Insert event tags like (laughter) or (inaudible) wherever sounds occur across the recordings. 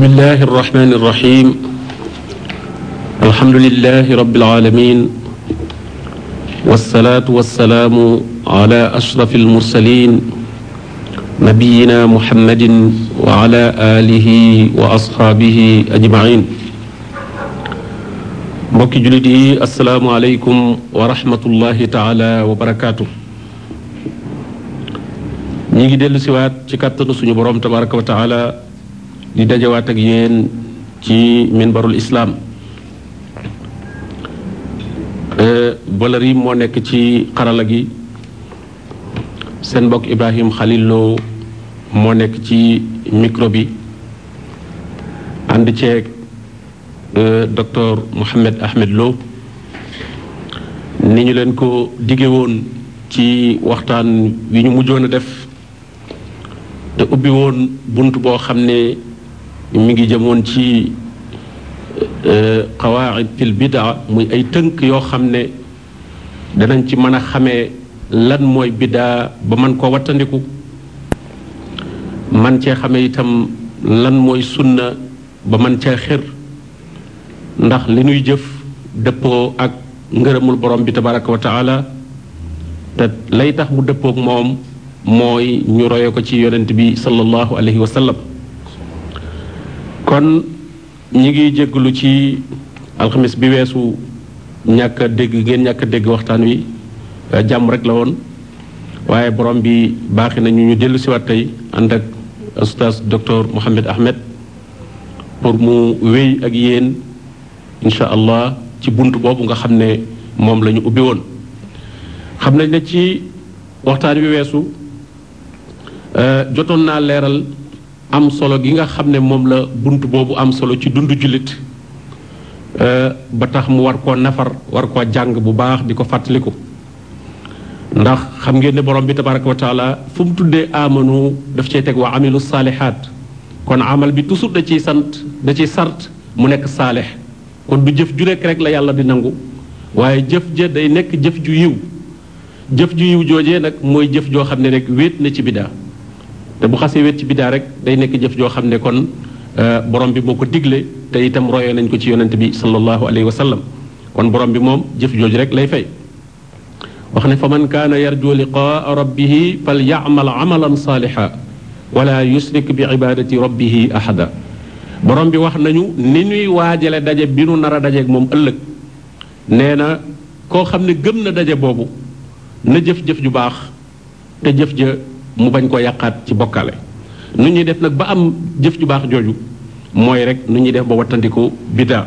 bismillahi arrahmani irrahim alhamdulilahi rabilalamin walsalaatu walsalaamu ala ashraf almursalin nabiyina muhammadin wa ala alihi wa asxaabihi ajmain mbokki jullit yi assalaamu aleykum wa rahmatullahi taala wa barakaatu ñi ngi dellu siwaat ci kàttanu suñu borom tabaraka wa taala di dajawaat ak yéen ci minbarul islaam euh, bëlër moo nekk ci xarala gi seen mbokk Ibrahim Khalil Lo moo nekk ci mikrobi bi ànd ceeg euh, docteur Mohamed Ahmed Lo ni ñu leen ko dige woon ci waxtaan wi ñu mujjoon a def te ubbi woon bunt boo xam ne mi ngi jëmoon ci euh, qawaid fil bidaa muy ay tënk yoo xam ne danañ ci mën a xamee lan mooy bidaa ba man koo wattandiku man cee xamee itam lan mooy sunna ba man cee xir ndax li nuy jëf dëppoo ak ngërëmul borom bi tabaraka wa taala te lay tax mu dëppook moom mooy ñu roye ko ci yonent bi sallallahu alayhi wa kon ñi ngi jégalu ci alxamis bi weesu ñàkk a dégg ngeen ñàkk dégg waxtaan wi jàmm rek la woon waaye borom bi baaxi nañu ñu dellu siwaat tey ànd ak ustaas docteur Mohamed Ahmed pour mu wéy ak yéen incha allah ci bunt boobu nga xam ne moom lañu ñu ubbi woon xam nañ ne ci waxtaan wi weesu euh, jotoon naa leeral am solo gi nga xam ne moom la bunt boobu am solo ci dund jullit euh, ba tax mu war koo nafar war koo jàng bu baax di ko fàttaliku ndax xam ngeen ne borom bi tabaraka wa taala fu mu tuddee amanu daf cay teg waa wa amilu saalihaat kon amal bi toujours da ciy sant da ciy sart mu nekk saalix kon du jëf ju nekk rek la yàlla di nangu waaye jëf ja day nekk jëf ju yiw jëf ju yiw joojee nag mooy jëf joo xam ne rek wéet na ci biddaa te bu xasee wet ci biddaa rek day nekk jëf joo xam ne kon euh, borom bi moo ko digle te itam royee nañ ko ci yonent bi sallallahu alayhi wa sallam kon borom bi moom jëf jooju rek lay fay wax ne fa man kaana yarju liqaa rabbihi fal yaamal amalan saaliha wala yusrik bi ibadati rabbihi ahada borom bi wax nañu ni ñuy waajale daje bi nu nar a dajeeg moom ëllëg nee na koo xam ne gëm na daje boobu na jëf-jëf ju baax te jëf ja mu bañ koo yàqaat ci bokkale nu ñuy def nag ba am jëf ju baax jooju mooy rek nu ñuy def ba wattandiku biddaa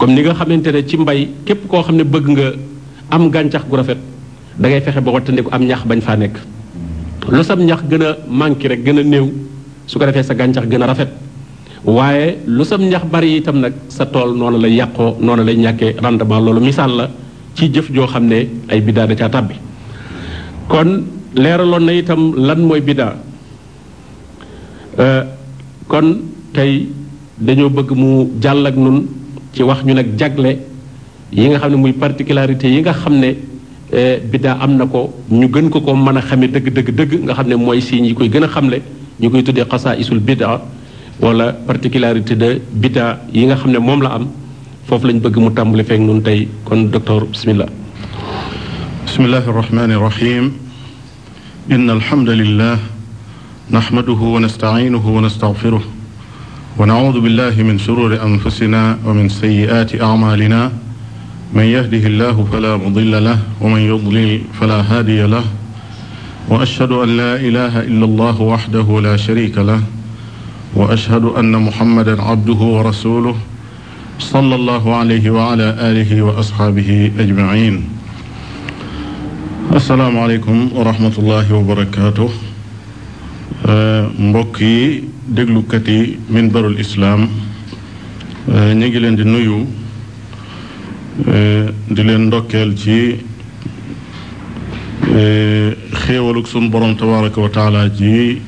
comme ni nga xamante ne ci mbay képp koo xam ne bëgg nga am gàncax gu rafet da ngay fexe ba wattandiku am ñax bañ faa nekk lu sam ñax gën a manqué rek gën a néew su ko defee sa gàncax gën a rafet waaye lu sam ñax bari itam nag sa tool noonu lay yàqoo noonu lay ñàkkee rendement loolu misaal la ci jëf joo xam ne ay biddaa da caa tàbbi leeraloon na itam lan mooy biddaa euh, kon tey dañoo bëgg mu jàll ak nun ci wax ñu nag jagle yi nga xam ne muy particularité yi nga xam ne euh, biddaa am na ko ñu gën ko ko mën a xame dëgg dëgg dëgg nga xam ne mooy signes yi koy gën a xamle ñu koy tuddee xasaa isul biddaa wala particularité de biddaa yi nga xam ne moom la am foofu lañ bëgg mu tàmbali feek nun tey kon docteur bismillah bismillahi rahmani rahim إن الحمد لله نحمده ونستعينه ونستغفره ونعوذ بالله من شرور أنفسنا ومن سيئات أعمالنا من يهده الله فلا مضل له ومن يضلل فلا هادي له وأشهد أن لا إله إلا الله وحده لا شريك له وأشهد أن محمدا عبده ورسوله صلى الله عليه وعلى آله وأصحابه أجمعين asalaamaaleykum wa rahmatullahi wa barakaatu mbokk yi déglukat yi minbarul islaam ñu ngi leen di nuyu di leen ndokkeel ci xéewalug sunu borom tabaraka wa taala ji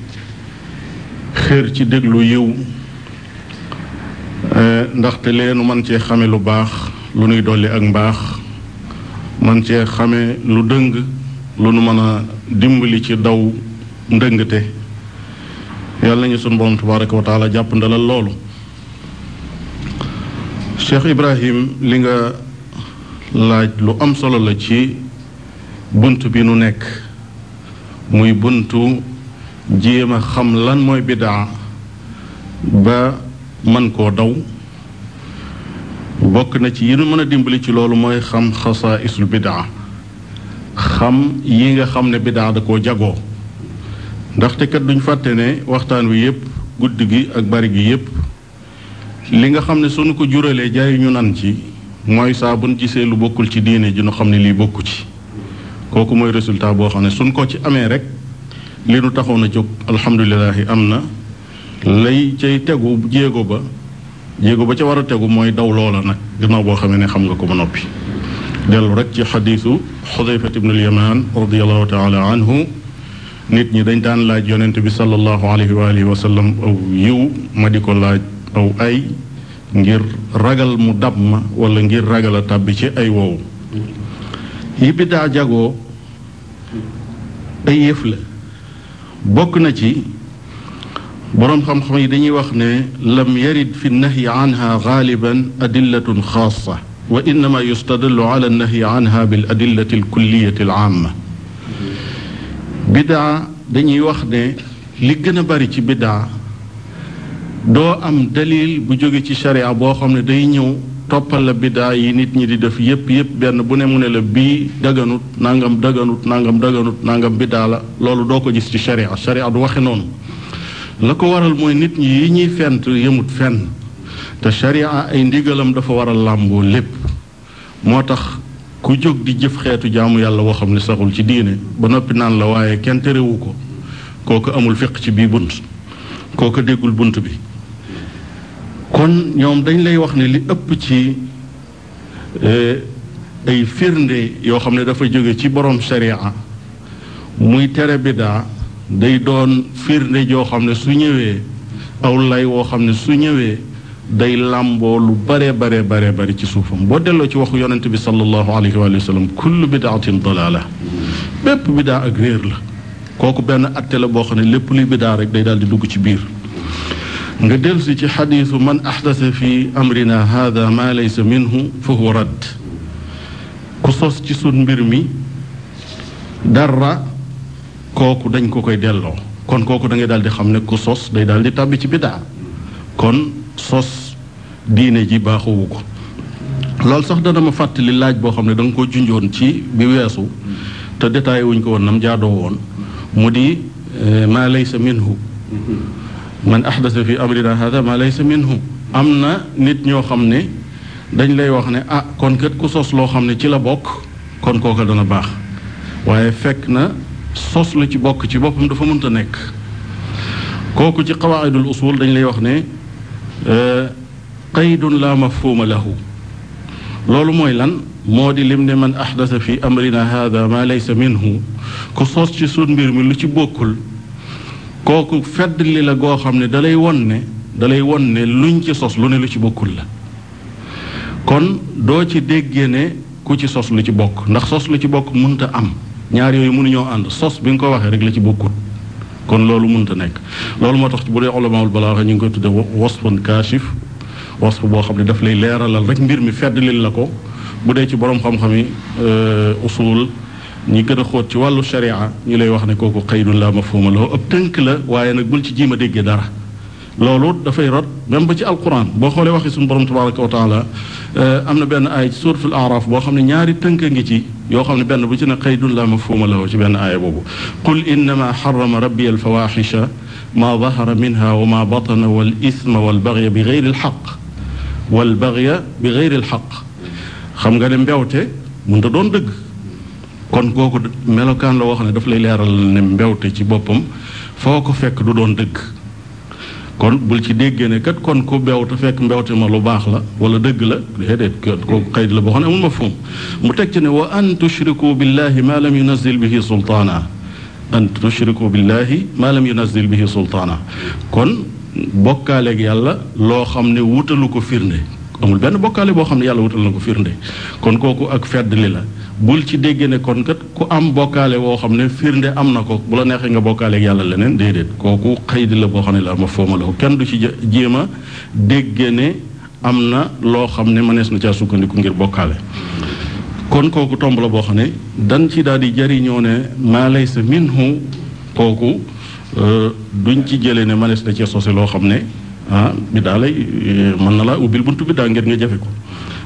xéer ci déglu yiw ndaxte leenu mën cee xame lu baax lu nuy dolli ak mbaax man cee xamee lu dëng lu nu mën a dimbali ci daw ndëngte yàlla nañu sunu borom tabaraka wa taala jàpp ndalal loolu Cheikh Ibrahim li nga laaj lu am solo la ci bunt bi nu nekk muy buntu jéem a xam lan mooy bidaa ba man koo daw bokk na ci yi nu mën a dimbali ci loolu mooy xam xasaa isul bidaa xam yi nga xam ne bidaa da koo jagoo ndaxte kat duñ fàtte ne waxtaan wi yépp guddi gi ak bari gi yépp li nga xam ne suñu ko juralee jaayu ñu nan ci mooy saa buñ gisee lu bokkul ci diine ji nu xam ne lii bokk ci kooku mooy résultat boo xam ne suñ ko ci amee rek li nu taxoon a jóg alhamdulilahi am na lay cay tegu jéego ba jéego ba ca war a tegu mooy daw loola nag ginnaaw boo xamee ne xam nga ko ba noppi dellu rek ci xadiisu xudayfat ibnu alyamaan radiallahu taala anhu nit ñi dañ daan laaj yonent bi salallahu alayhi wa alihi wa sallam aw yiw ma di ko laaj aw ay ngir ragal mu dab ma wala ngir ragal a tàbbi ci ay woowu yi biddaa jagoo ay yëf la bokk na ci boroom xam-xam yi dañuy wax ne lam yarid fi nahyi anha gaaliban adillatun xaasa wa innama yustadallu ala nahyi anha bil adillati alkulliyati alaama bidaa dañuy wax ne li gën a bari ci biddaa doo am dalil bu jóge ci sharia boo xam ne day ñëw toppal la bidaa yi nit ñi di def yépp yépp benn bu ne mu ne la bii daganut nangam daganut nangam daganut nangam bidaa la loolu doo ko gis ci sharia sharia du waxe noonu la ko waral mooy nit ñi yi ñuy fent yëmut fenn te sharia ay ndigalam dafa waral làmboo lépp moo tax ku jóg di jëf xeetu jaamu yàlla woo xam ne saxul ci diine ba noppi naan la waaye kenn terewu ko kooku amul fiq ci bii bunt kooku déggul bunt bi kon ñoom dañ lay wax ne li ëpp ci eh, ay firnde yoo xam ne dafa jóge ci borom sharia muy tere bidaa day doon firnde joo xam ne su ñëwee aw lay woo xam ne su ñëwee day làmboo lu bare bare bare bari ci suufam boo delloo ci waxu yonent bi sallallahu alayhi wa sallam kullu bidaatin la kooku benn atte la boo xam ne lépp luy bidaa day daal di dugg ci biir nga dellusi ci xadiisu man axdasa fi amrina hada maa laysa minhu fa huwa radd ku sos ci sun mbir mi dara kooku dañ ko koy delloo kon kooku dangay ngay daal di xam ne ku sos day daal di tàbbi ci biddaa kon sos diine ji baaxuwu ko loolu sax dana ma fàttali laaj boo xam ne danga ko junjoon ci bi weesu te détaillé wuñ ko woon nam jaadoo woon mu di eh, maa laysa minhu man ahdasa fi amrina hada maa laysa minhu am na nit ñoo xam ne dañ lay wax ne ah kon kat ku sos loo xam ne ci la bokk kon kooka dana baax waaye fekk na sos lu ci bokk ci boppam dafa mënta nekk kooku ci qawaidul usul dañ lay wax ne euh, qaydun la mafhuma lahu loolu mooy lan moo di lim ne man axdasa fi amrina hada ma laysa minhu ku sos ci sun mbir mi lu ci bokkul kooku fedd li la goo xam ne dalay won ne dalay won ne luñ ci sos lu ne lu ci bokkul la kon doo ci déggee ne ku ci sos lu ci bokk ndax sos lu ci bokk mënta am ñaar yooyu mënuñoo ànd sos bi nga ko waxee rek la ci bokkut kon loolu mënta nekk loolu moo tax bu dee ulamaul balaaxa ñu ngi koy tudde wasfun kaashif wasf boo xam ne dafa lay leeralal rek mbir mi fedd feddlil na ko bu dee ci borom xam-xam yi euh, usul ñi gën a xóot ci wàllu sharia ñu lay wax ne kooku qaydun la mafhuma lahu ab tënk la waaye nag bul ci jiim ma déggee dara loolu dafay rot même ba ci alquran boo xoolee waxi suñu borom tabaraka wa taala euh, am na benn aaya ci suuratul araf boo xam ne ñaari tënk a ngi ci yoo xam ne benn bu ci ne qaydun la mafhuma lahu ci benn aaya boobu qul innama xarama rabbi alfawaxisha ma dahara minha wa ma batana wal isma wal bagya bi gayri alxaq wal bagya bi gayri alxaq xam nga ne mbewte mënta doon dëgg kon kooku melokaan la woo xam ne daf lay leeral ne mbewte ci boppam foo ko fekk du doon dëgg kon bul ci déggee ne kat kon ku bewtu fekk mbewte ma lu baax la wala dëgg la déedéet kooku xëy la boo xam ne amul mafhum mu teg ci ne wa an tushriku billahi ma lam yunazil bihi sultaana an tushriku billahi ma lam yunazil bihi sultaana kon bokkaaleeg yàlla loo xam ne wutalu ko firnde amul benn bokkaale boo xam ne yàlla wutal na ko firnde kon kooku ak feddli la bul ci dégg ne kon kat ku am bokkaale woo xam ne firnde am na ko bu la neexee nga bokkaaleeg yàlla leneen déedéet kooku xëydi la boo xam ne la ma fooma la kenn du ci jéem a dégg am na loo xam ne mënees na caa sukkandiku ngir bokkaale kon kooku tomb la boo xam ne dan ci daal di jariñoo ne maa laysa minhu kooku euh, duñ ci jëlee ne mënees na cee sosé loo xam ne ah biddaa lay euh, mën na laa ubbil buntu daal ngir nga jafe ko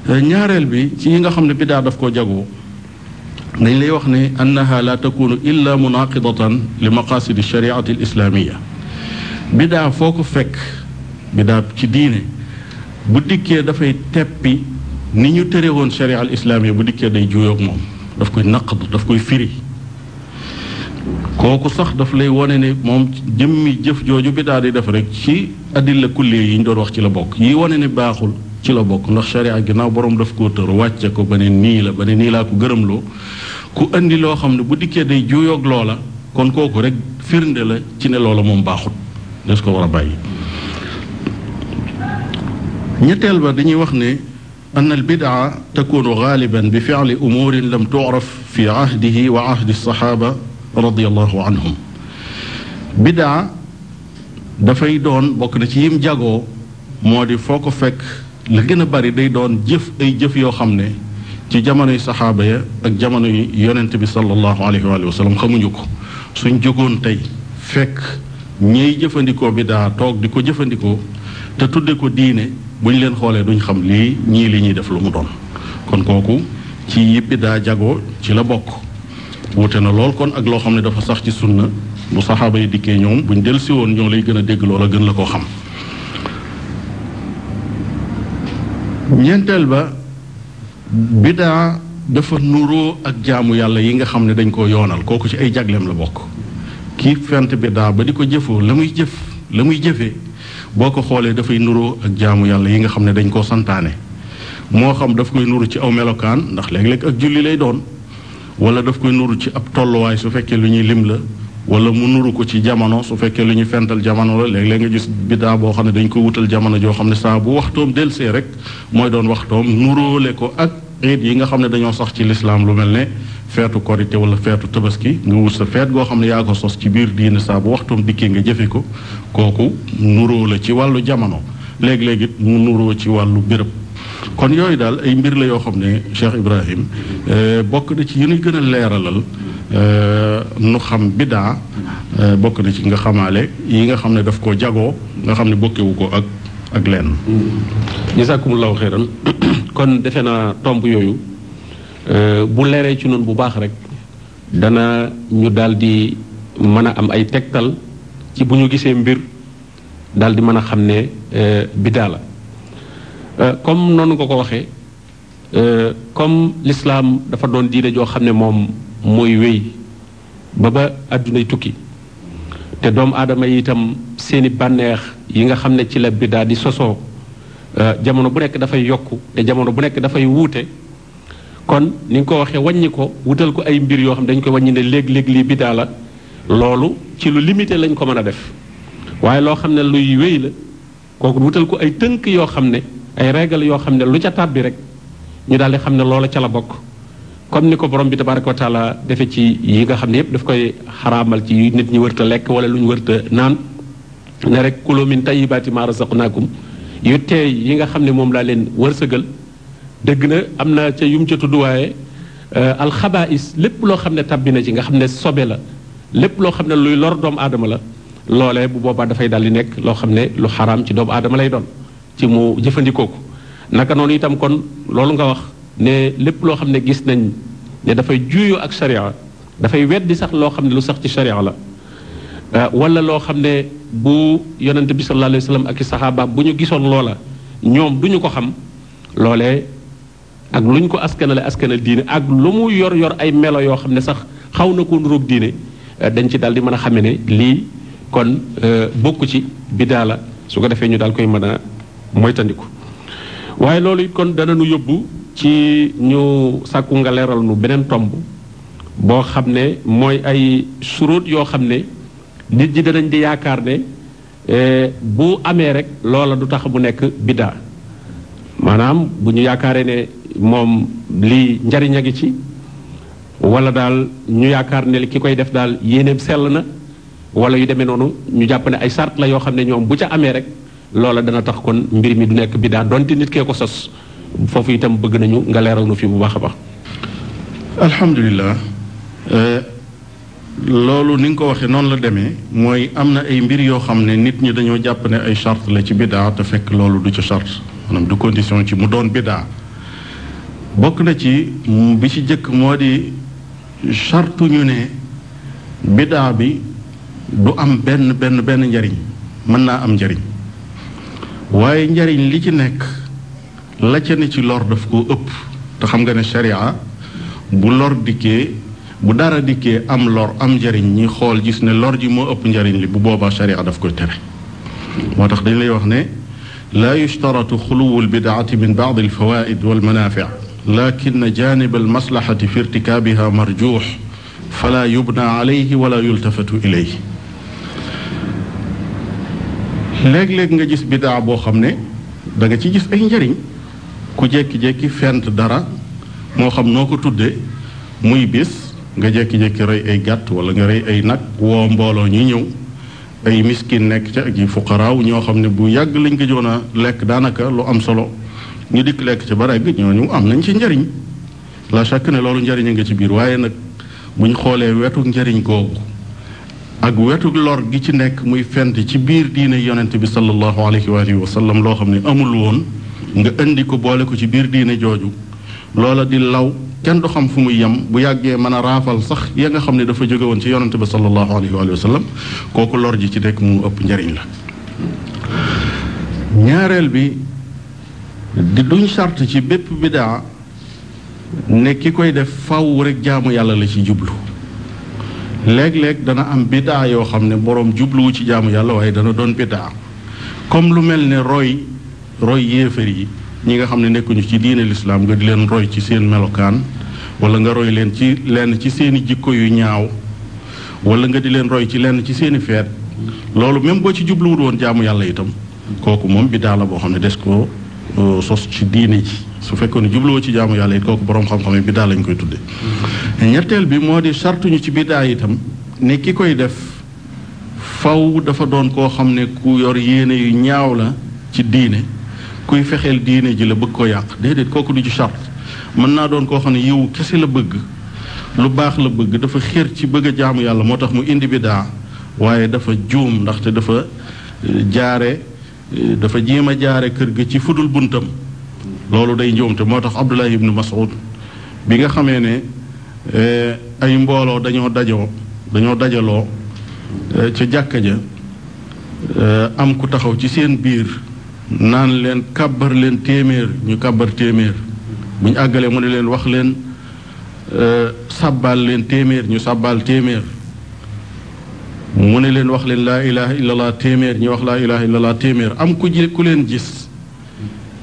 euh, ñaareel bi ci yi nga xam ne biddaa daf koo jagoo dañ lay wax ne annaha la takunu illa munaqidatan li maqasidi shariati al islaamia bidaa foo ko fekk bidaa ci diine bu dikkee dafay teppi ni ñu tere woon sharia al bu dikkee day juyoog moom daf koy naqdu daf koy firi kooku sax daf lay wane ne moom jëmmi jëf jooju bidaa di def rek ci adilla kulliya yi ñu doon wax ci la bokk yi wane ne baaxul ci la bokk ndax sharia ginnaaw borom daf koo tër wàcce ko ba ne nii la beneen nii laa ko gërëmloo ku indi loo xam ne bu dikkee day juuyoog loola kon kooku rek firnde la ci ne loola moom baaxut des ko war a bàyyi ñetteel ba dañuy wax ne an al bidaa takunu gaaliban bi fi'li umurin lam tu'raf fi ahdihi wa ahdi saxaaba radiallahu anhum dafay doon bokk na ci yim jagoo moo di foo ko fekk la gën a bari day doon jëf ay jëf yoo xam ne ci jamonoy saxaaba ya ak jamonoy yonent bi sallallahu alayhi wa xamuñu ko suñ jógoon tey fekk ñiy jëfandikoo bi daa toog di ko jëfandikoo te tudde ko diine buñ leen xoolee duñ xam lii ñii li ñuy def lu mu doon kon kooku ci yi daa jagoo ci la bokk wuute na lool kon ak loo xam ne dafa sax ci sunna bu saxaaba yi dikkee ñoom buñ del si woon ñoo lay gën a dégg loola gën la ko xam ñeenteel ba bidaa dafa nuroo ak jaamu yàlla yi nga xam ne dañ ko yoonal kooku ci ay jagleem la bokk kii fent bidaa ba di ko jëfoo la muy jëf la muy jëfee boo ko xoolee dafay nuroo ak jaamu yàlla yi nga xam ne dañ koo santaane moo xam dafa koy nuru ci aw melokaan ndax léeg-léeg ak julli lay doon wala daf koy nuru ci ab tolluwaay su fekkee lu ñuy lim la wala mu nuru ko ci jamono su fekkee lu ñu fental jamono la léegi léeg nga gis biddaa boo xam ne dañ ko wutal jamono joo xam ne saa bu waxtoom delsee rek mooy doon waxtoom nuróole ko ak eet yi nga xam ne dañoo sax ci lislaam lu mel ne feetu korite wala feetu tabaski nga wut sa feet goo xam ne yaa ko sos ci biir diine saabu bu waxtoom dikkee nga jëfe ko kooku nuroo la ci wàllu jamono léegi léeg mu nuroo ci wàllu béréb kon yooyu daal ay mbir la yoo xam ne Cheikh Ibrahim eh, bokk na ci yu gën a leeralal nu xam bidaa euh, bokk na ci nga xamaale yi nga xam ne daf koo jagoo nga xam ne bokkewu ko ak ak lenn jazakumullahu xeyran (coughs) kon defe na tomb yooyu euh, bu leeree ci noonu bu baax rek dana ñu daal di mën a am ay tegtal ci bu ñu gisee mbir daal di mën a xam ne euh, bidaa la comme noonu nga ko waxee comme lislaam dafa doon diine joo xam ne moom mooy wéy ba ba àddunay tukki te doomu aadama yi itam seeni bànneex yi nga xam ne ci la biddaa di sosoo euh, jamono bu nekk dafay yokk te jamono bu nekk dafay wuute kon ni nga ko waxee wàññi ko wutal ko ay mbir yoo xam ne dañ koy wàññi ne léeg-léeg lii biddaa la loolu ci lu limité lañ ko mën a def waaye loo xam ne luy wéy la kooku wutal ko ay tënk yoo xam ne ay règle yoo xam ne lu ca tàbbi rek ñu daal di xam ne loolu ca la bokk comme ni ko borom bi tabaraka wa taala defe ci yi nga xam ne yëpp daf koy xaraamal ci nit ñi wërta lekk wala lu ñu wërta naan ne rek kulu min tayyibaati maa razaqnaakum yu teey yi nga xam ne moom laa leen wërsëgal dëgg na am na ca yum ca tudd waaye euh, alxabaais lépp loo xam ne tabbi na ci nga xam ne sobe la lépp loo xam ne luy lor doomu aadama la loole bu boobaa dafay daal di nekk loo xam ne lu xaraam ci doomu aadama lay doon ci mu jëfandikoo ko naka itam kon loolu nga wax ne lépp loo xam ne gis nañ ne dafay juuyoo ak sharia dafay di sax loo xam ne lu sax ci sharia la euh, wala loo xam ne bu yonente bi sallallahu alayhi wa ak i saxaabaam bu ñu gisoon loola ñoom duñu ko xam loole ak luñ ko askanale askanal diine ak lu mu yor yor ay melo yoo xam ne sax xaw na ko nuróog diine euh, dañ ci dal di mën a xame ne lii kon euh, bokku ci bidaa la su ko defee ñu daal koy mën a moytandiku waaye loolu it kon dana nu yóbbu ci ñu sàkku nga leeral nu beneen tomb boo xam ne mooy ay suróot yoo xam ne nit ñi danañ di yaakaar ne eh, bu amee rek loola du tax mu nekk biddaa maanaam bu ñu yaakaaree ne moom lii njariñ a ngi ci wala daal ñu yaakaar ne ki koy def daal yéeneem sell na wala yu demee noonu ñu jàpp ne ay sart la yoo xam ne ñoom bu ca amee rek loola dana tax kon mbir mi du nekk biddaa donte nit kee ko sos foofu itam bëgg nañu nga leeraw nu fi bu baax a baax. alhamdulilah euh, loolu ni nga ko waxee noonu la demee mooy am na ay mbir yoo xam ne nit ñi dañoo jàpp ne ay charte la ci biddaa te fekk loolu du ci charte maanaam du condition ci mu doon biddaa bokk na ci bi ci jëkk moo di charte ñu ne biddaa bi du am benn benn benn njariñ mën naa am njariñ waaye njariñ li ci nekk. la ca ci lor daf ko ëpp te xam nga ne sharia bu lor dikkee bu dara dikkee am lor am njariñ ñi xool gis ne lor ji moo ëpp njariñ li bu boobaa sharia daf koy tere moo tax dañ lay wax ne laa yushtaratu xuluwu lbidaati min baad alfawaid walmanafic lakin janib almaslaxati fi irtikaabiha marjuux fala yubna wal wala yultafatu ilayhi léeg-léeg nga gis bidaa boo xam ne danga ci gis ay njariñ ku jékki-jékki fent dara moo xam noo ko tuddee muy bis nga jékki-jékki rey ay gàtt wala nga rey ay nag woo mbooloo ñuy ñëw ay miskin nekk ca ak yi fuqaraaw ñoo xam ne bu yàgg lañ ko joon a lekk daanaka lu am solo ñu dikk lekk ca ba rek ñooñu am nañ ci njariñ la chaque ne loolu njariñ a nga ci biir waaye nag buñ xoolee wetu njariñ googu ak wetu lor gi ci nekk muy fent ci biir diine yonent bi sallallahu alayhi wa sallam loo xam ne amul woon nga indi ko boole ko ci biir diine jooju loola di law kenn du xam fu muy yem bu yàggee mën a raafal sax ya nga xam ne dafa jóge woon ci yonante bi sallallahu alayhi wa sallam kooku lor ji ci nekk mu ëpp njariñ ñaareel bi di duñ sart ci bépp bidaa ne ki koy def faw rek jaamu yàlla la ci jublu léeg-léeg dana am bidaa yoo xam ne boroom jubluwu ci jaamu yàlla waaye dana doon bidaa comme lu mel ne roy roy yéefar yi ñi nga xam ne nekkuñu ci diine lislaam nga di leen roy ci seen melokaan wala nga roy leen ci lenn ci seeni jikko yu ñaaw wala nga di leen roy ci lenn ci seeni feet loolu même boo ci jubluwul woon jaamu yàlla itam kooku moom bi daala boo xam ne des ko euh, sos ci su fekkoon ne jubluwoo ci jaamu yàlla it kooku boroom xam-xam yi biddaa lañ koy tudde ñetteel bi moo di sartuñu ci biddaa itam ne ki koy def faw dafa doon koo xam ne ku yor yéene yu ñaaw la ci diine kuy fexeel diine ji la bëgg ko yàq déedéet kooku du ci charte mën naa doon koo xam ne yow kese la bëgg lu baax la bëgg dafa xér ci bëgg a jaamu yàlla moo tax mu indi bidaa waaye dafa juum ndaxte dafa euh, jaare euh, dafa jéem a jaare kër ga ci fudul buntam loolu day njuumte moo tax Abdullah ibnu Mas'ud bi nga xamee ne euh, ay mbooloo dañoo dajoo dañoo dajaloo ca jàkka ja am ku taxaw ci seen biir naan leen kàbbar leen téeméer ñu kàbbar téeméer bu ñu àggalee mu ne leen wax leen euh, sàbbaal leen téeméer ñu sàbbaal téeméer mu ne leen wax leen laa ilaha illallah téeméer ñu wax laa ilaha illallah téeméer am ku ji ku leen gis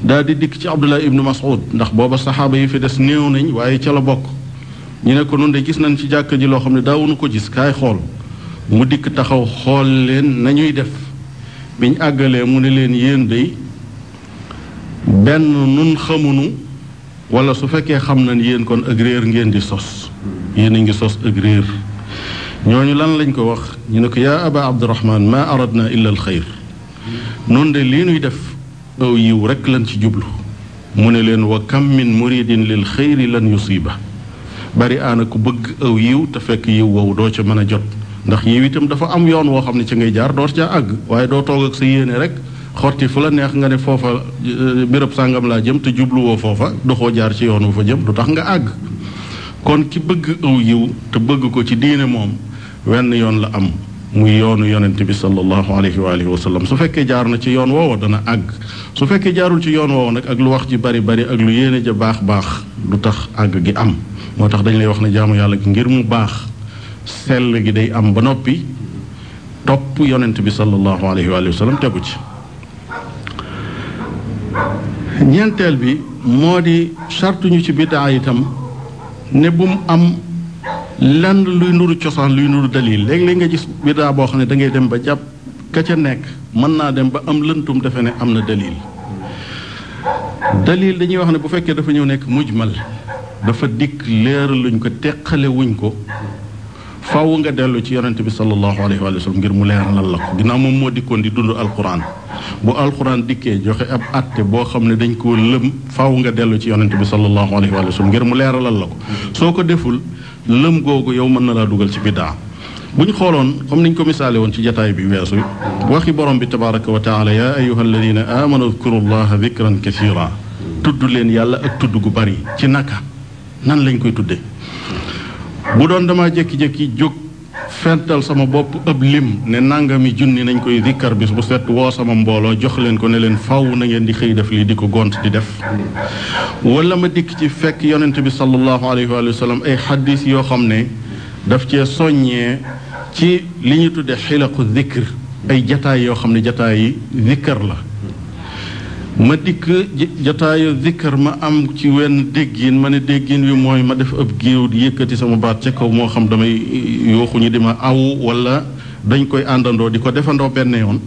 daal di dikk ci abdullah ibnu mas'ud ndax booba saxaaba yi fi des néew nañ waaye ca la bokk ñu ne ko nun de gis nañ ci jàkka ji loo xam ne daawuñu ko gis kaay xool mu dikk taxaw xool leen nañuy def biñ àggalee mu ni leen yéen dey benn nun xamunu wala su fekkee xam nañ yéen kon ak réer ngeen di sos yéen a ngi sos ak réer ñooñu lan lañ ko wax ñu ne ko yaa aba abdirahman ma aradna illa al xayr noonu de lii nuy def aw yiw rek lan ci jublu mu ne leen wa kam min muridin lil xayri lan yusiba bari aana ku bëgg aw yiw te fekk yiw wow doo ca mën a jot ndax yow itam dafa am yoon woo xam ne ci ngay jaar door caa àgg waaye doo toog ak sa yéene rek xotti fu la neex nga ne foofa euh, béréb sàngam laa jëm te jubluwoo foofa doxoo jaar ci yoon wu jëm du tax nga àgg kon ki bëgg te bëgg ko ci diine moom wenn yoon la am muy yoonu yonent bi sallallahu alayhi wa alihi wa sallam su fekkee jaar na ci yoon woowa dana àgg su fekkee jaarul ci yoon woowa nag ak lu wax ji bari bari ak lu yéene ja baax baax du tax àgg gi am moo tax dañ lay wax ne jaamu yàlla gi ngir mu baax sell gi day am ba noppi topp yonent bi sallallahu alayhi wa sallam tegu ci ñenteel bi moo di sartu ci biddaa itam ne bu mu am lenn luy nuru cosaan luy nuru dalil léeg-léeg nga gis biddaa boo xam ne da ngay dem ba jàpp ka ca nekk mën naa dem ba am lëntum defe ne am na dalil dalil dañuy wax ne bu fekkee dafa ñëw nekk mujmal dafa dikk leer luñ ko teqale wuñ ko faaw nga dellu ci yonente bi sallallahu alayhi wa sallam ngir mu leeralal la ko ginnaaw moom moo dikkoon di dund alquran bu alquran dikkee joxe ab atte boo xam ne dañ ko lëm faw nga dellu ci yonente bi sallallahu alayhi wa sallam ngir mu leeralal la ko soo ko deful lëm googu yow mën na laa dugal ci biddaa bu ñu xooloon comme niñ ko misaale woon ci jataay bi weesu waxi borom bi tabaraka wa taala yaa ayuha alladina amanu dkuru llaha dikran kasira tudd leen yàlla ak tudd gu bari ci naka nan lañ koy tuddee bu doon dama jékki-jékki jóg fental sama bopp ëb lim ne nangami junni nañ koy dikkar bis bu set woo sama mbooloo jox leen ko ne leen faw na ngeen di xëy def lii di ko gont di def wala ma dikk ci fekk yonent bi sallallahu alayhi wa sallam ay xaddis yoo xam ne daf cee soññee ci li ñu tudde xilaqu zikr ay jataay yoo xam ne jataay yi zikkar la ma dikk jataayu zikkar ma am ci wenn déggin ma ne déggin wi mooy ma def ab géew di yëkkati sama baat ca kaw moo xam damay eh, yooxu ñu di ma aw wala dañ koy àndandoo di ko defandoo benn yoon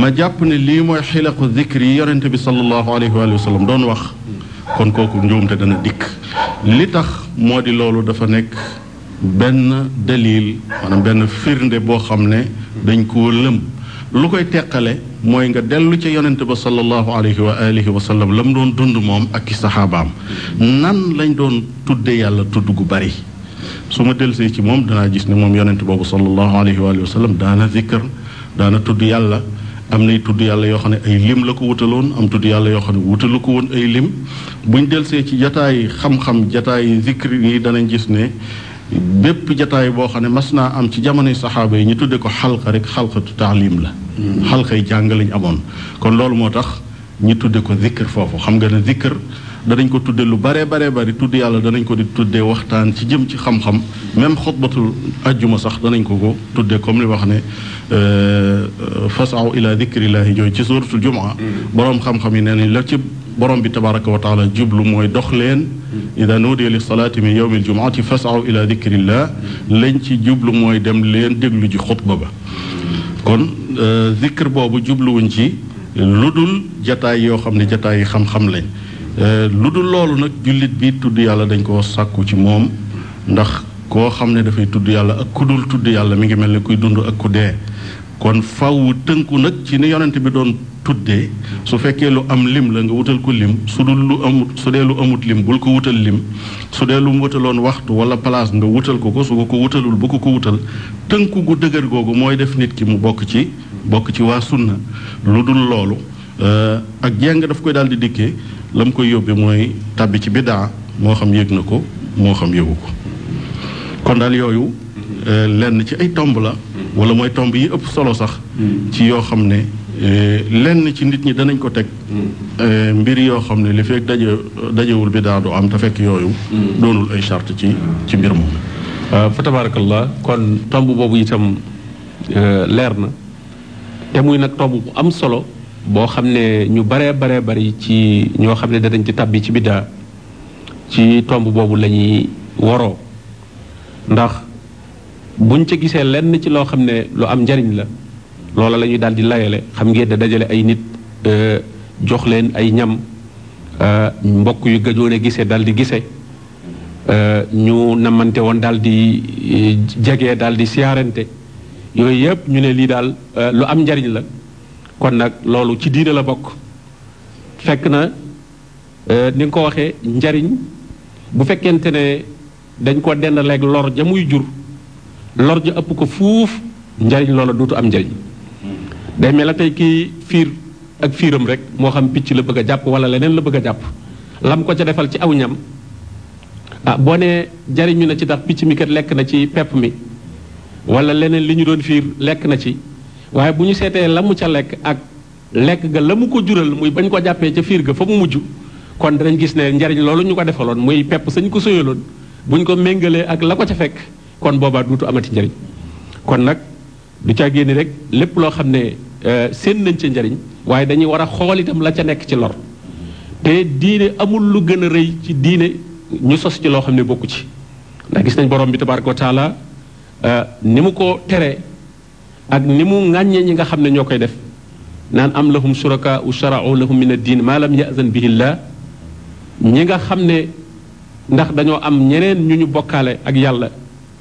ma jàpp ne lii mooy xilaqu zikr yi yonente bi sallallahu alayhi wa sallam doon wax kon kooku njuumte dana dikk li tax moo di loolu dafa nekk benn dalil maanaam benn firnde boo xam ne dañ koo lëm lu koy teqale mooy nga dellu ca yonente ba sallallahu alayhi wa alihi la mu doon dund moom ak i saxaabaam nan lañ doon tudde yàlla tudd gu bari su ma dellusee ci moom danaa gis ne moom yonente boobu sallallahu alayhi wa alihi wa sallam daana zikr daana tudd yàlla am nay tudd yàlla yoo xam ne ay lim la ko wutaloon am tudd yàlla yoo xam ne wutalu ko woon ay lim bu buñ delsee ci jataay xam-xam jataay zikri yi danañ gis ne bépp jataay boo xam ne mas naa am ci jamonoy saxaaba yi ñu tudde ko xalqa rek xalqatu taalim la xalkay jàng lañ amoon kon loolu moo tax ñi tudde ko zikr foofu xam nga ne zikr danañ ko tudde lu baree baree bari tudd yàlla danañ ko di tuddee waxtaan ci jëm ci xam-xam même xutbatul ajjuma sax danañ ko ko tuddee comme li wax ne euh, fasaw ila zikrillahi jooyu ci suratul jumaa boroom xam-xam yi nee nañ la ci borom bi tabaraka wa taala jublu mooy dox leen ida nuudiya li salaati min yowmi aljumaati fasaw ila zikrillah lañ ci jublu mooy dem leen déglu ji xutba ba kon euh, zikr boobu jubluwuñ ci lu dul jataay yoo xam ne jataay yi xam-xam lañ euh, lu dul loolu nag jullit bi tudd yàlla dañ koo sàkku ci moom ndax koo xam ne dafay tudd yàlla ak ku dul tudd yàlla mi ngi mel ni kuy dund ak ku dee kon fàww tënku nag ci ni yonent bi doon tuddee su fekkee lu am lim la nga wutal ko lim su dul lu amut su dee lu amut lim bul ko wutal lim su dee lu mu wutaloon waxtu wala place nga wutal ko ko su ko ko wutalul bu ko ko wutal tënku gu dëgër googu mooy def nit ki mu bokk ci bokk ci waa sunna lu dul loolu eh, ak jeng daf koy daal di dikkee la mu koy yóbbee mooy tàbbi ci bidaa moo xam yëg na ko moo xam yëgu ko kon daal yooyu eh, lenn ci ay tomb la wala mooy tomb yi ëpp solo sax hmm. ci yoo xam ne Eh, lenn ci nit ñi danañ ko teg mm. eh, mbir yoo xam ne li fekk daje dajewul bi daa du am te fekk yooyu mm. doonul ay charte ci ci mbir moom eh, fa tabarakallah kon tomb boobu itam leer na te muy nag tomb bu am solo boo xam ne ñu baree baree bari ci ñoo xam ne danañ ci tabbi ci biddaa ci tomb boobu lañuy ñuy waroo ndax buñ ca gisee lenn ci loo xam ne lu am njariñ la loola la ñuy daal di layale xam ngeen ne dajale ay nit euh, jox leen ay ñam euh, mbokk yu gëjoone gise daal di gise euh, ñu namante woon daal di jege daal di siyaarante yooyu yëpp ñu ne lii daal lu am njariñ la kon nag loolu ci diine la bokk fekk na ni nga ko waxee njariñ bu fekkente ne dañ ko dend leeg lor ja muy jur lor ja ëpp ko fuuf njariñ loola dootu am njariñ day mel la tey kii fiir ak fiiram rek moo xam picc la bëgg a jàpp wala leneen la bëgg a jàpp lam ko ca defal ci aw ñam ah boo nee jariñu na ci ndax picc mi kat lekk na ci pepp mi wala leneen li ñu doon fiir lekk na ci waaye bu ñu seetee la mu ca lekk ak lekk nga la mu ko jural muy bañ ko jàppee ca fiir ga fa mu mujj kon danañ gis ne njariñ loolu ñu ko defaloon muy pepp sañ ko soyaloon ñu ko méngalee ak la ko ca fekk kon boobaa duutu amati njariñ kon nag du caa génne rek lépp loo xam ne Euh, séen nañ ci njariñ waaye dañuy war a xool itam la ca nekk ci lor te diine amul lu gën a rëy ci diine ñu sos ci loo xam ne bokk ci ndax gis nañ borom bi tabaraka wa taala euh, ni mu ko teree ak ni mu ŋàññee ñi nga xam ne ñoo koy def naan am la lahum suraka u la lahum min ad-din ma lam ya'zan bihi Allah ñi nga xam ne ndax dañoo am ñeneen ñu ñu bokkaale ak yàlla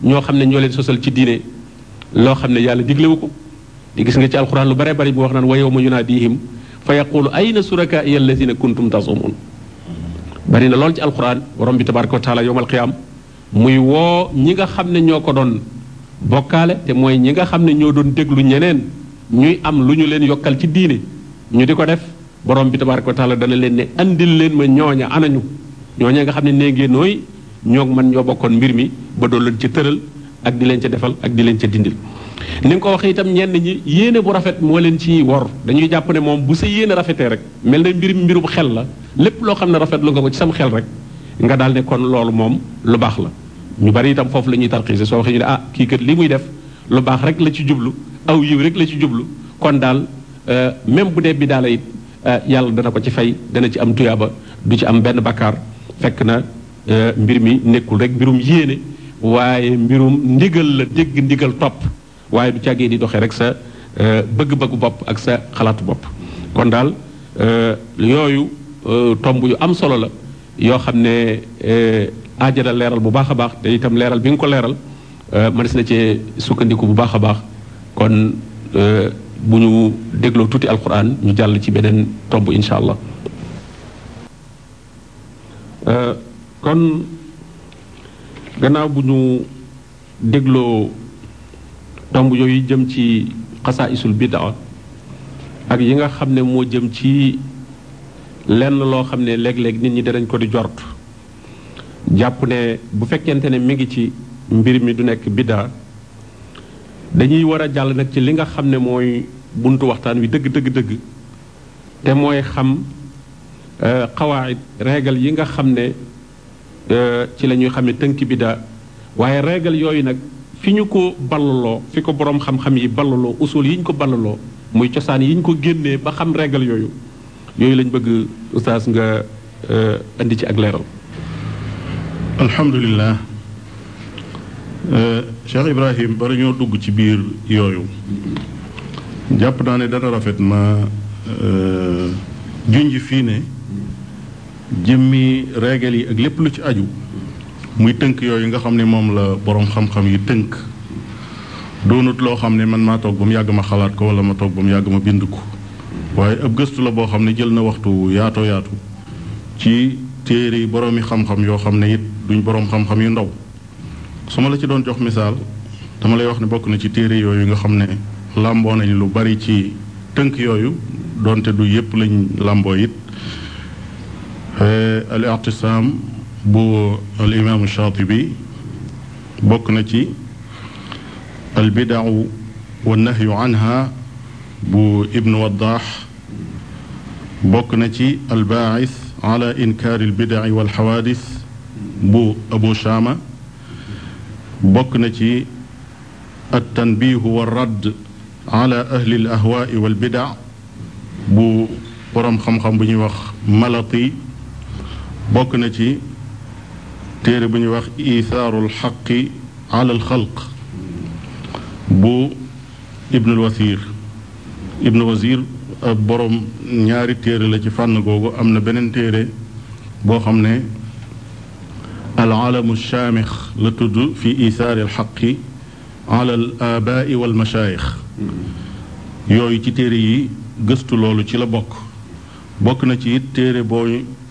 ñoo xam ne ñoo leen sosal ci diine loo xam ne yàlla diglewu ko di gis nga ci alquran lu bare bari bu wax naan wa yawma yunaadihim fa yaqulu ayna surakaaiya alladina kuntum tasumun bari na lool ci alquran boroom bi tabaraka wa taala yowmal qiyaam muy woo ñi nga xam ne ñoo ko doon bokkaale te mooy ñi nga xam ne ñoo doon déglu ñeneen ñuy am lu ñu leen yokkal ci diine ñu di ko def borom bi tabaraka wa taala dana leen ne andil leen ma ñooña anañu ñooña nga xam ne nee ngeen nooy ñoo man ñoo bokkoon mbir mi ba doon leen ci tëral ak di leen ca defal ak di leen ca dindil ni nga ko waxee itam ñenn ñi yéene bu rafet moo leen ci wor dañuy jàpp ne moom bu sa yéene rafetee rek mel na mbir mbirum xel la lépp loo xam ne rafetlu nga ko ci sam xel rek nga daal ne kon loolu moom lu baax la ñu bari itam foofu la ñuy tarxiise soo waxee ñu ne ah kii kat li muy def lu baax rek la ci jublu aw yiw rek la ci jublu kon daal euh, même bu dee bi daala it euh, yàlla dana ko ci fay dana ci am tuyaaba du ci am benn bakkaar fekk na euh, mbir mi nekkul rek mbirum yéene waaye mbirum ndigal la dégg topp waaye du càggee di doxee rek sa euh, bëgg-bëggu bopp ak sa xalaatu bopp kon daal euh, yooyu euh, tomb yu am solo la yoo xam ne aajara leeral bu baax a baax te itam leeral bi nga ko leeral mënees na cee sukkandiku bu baax a baax kon bu ñu dégloo tuuti alquran ñu jàll ci beneen tomb incha allah kon gannaaw bu ñu dégloo tomb yooyu jëm ci xasaaisul bidaa ak yi nga xam ne moo jëm ci lenn loo xam ne léeg-léeg nit ñi danañ ko di jort jàpp ne bu fekkente ne mi ngi ci mbir mi du nekk biddaa dañuy war a jàll nag ci li nga xam ne mooy buntu waxtaan wi dëgg dëgg dëgg te mooy xam euh, xawaayit régal yi nga xam ne euh, ci la ñuy xamee tënk biddaa waaye régal yooyu nag fi ñu ko ballaloo fi ko boroom xam-xam yi ballaloo usul yi ñu ko ballaloo muy cosaan yi ñu ko génnee ba xam régal yooyu yooyu lañ bëgg ustaas nga indi euh, ci ak leeral alhamdulilah euh, Cheikh Ibrahim bari ñoo dugg ci biir yooyu jàpp naa ne dana rafet ma euh, junj fii ne jëmmi régal yi ak lépp lu ci aju muy tënk yooyu nga xam ne moom la borom xam-xam yi tënk doonut loo xam ne man maa toog ba mu yàgg ma xalaat ko wala ma toog ba mu yàgg ma bind ko waaye ab gëstu la boo xam ne jël na waxtu yaatoo yaatu ci téere yi boroomi xam-xam yoo xam ne it duñ boroom xam-xam yu ndaw su ma la ci doon jox misaal dama lay wax ne bokk na ci téere yooyu nga xam ne làmboo nañu lu bari ci tënk yooyu donte du yépp lañ làmboo it eh, al i'tisam bu al imaamu Shaatibi bokk na ci al bidaau wa nahyu anha bu ibn waddaax bokk na ci al baais ala inkaari al bidaai wal xawaadis bu abu shaama bokk na ci al tanbiihu wa radd ala ahli al ahwaai wal bidaa bu boroom xam-xam bu ñuy wax malati bokk na ci téere bu ñuy wax ithaaru lxaqi ala alxalq bu ibnul wasir ibnu wasir euh, borom ñaari téere la ci fànn googu am na beneen téere boo xam ne alaalamu shaamix la tudd fi ithaari alxaqi ala al abaai yooyu ci téere yi gëstu loolu ci la bokk bokk na ci it téere boo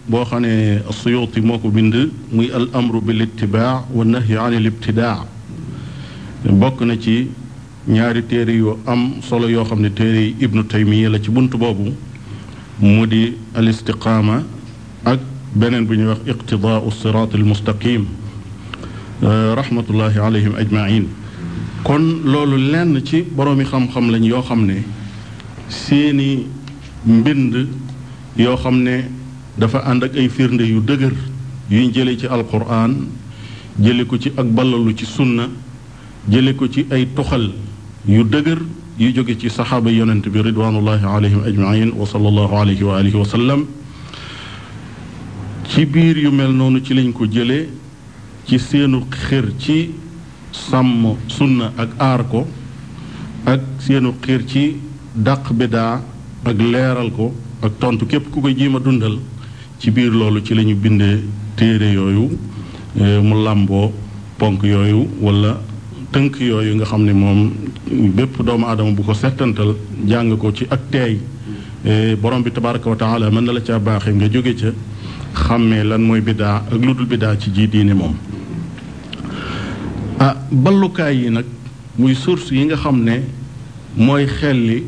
boo xam ne Suyuti moo bind muy al amru bil ittibaa wa nahyi an al bokk na ci ñaari téere yu am solo yoo xam ne téere yi ibnu taymiya la ci bunt boobu mu di al istiqaama ak beneen bu ñuy wax iqtidaau siraat al mustaqim rahmatullahi alayhim ajmain kon loolu lenn ci boromi xam-xam lañ yoo xam ne seeni mbind yoo xam ne dafa ànd ak ay firnde yu dëgër yuñ jëlee ci alquran jële ko ci ak ballalu ci sunna jële ko ci ay toxal yu dëgër yu jóge ci saxaaba yonent bi ridwanullahi alayhim ajmain wa sallallahu alayhi wa alihi wa sallam ci biir yu mel noonu ci lañ ko jële ci seenu xir ci sàmm sunna ak aar ko ak seenu xir ci dàq bidaa ak leeral ko ak tontu képp ku ko jiima dundal ci biir loolu ci lañu bindee téere yooyu eh, mu làmboo ponk yooyu wala tënk yooyu nga xam ni moom bépp doomu aadama bu ko settantal jàng ko ci ak teey eh, borom bi tabaraka wa taala mën na la caa baaxe nga jóge ca xàmmee lan mooy biddaa ak lu dul biddaa ci ji diine moom ah ballukaay yi nag muy source yi nga xam ne mooy xel li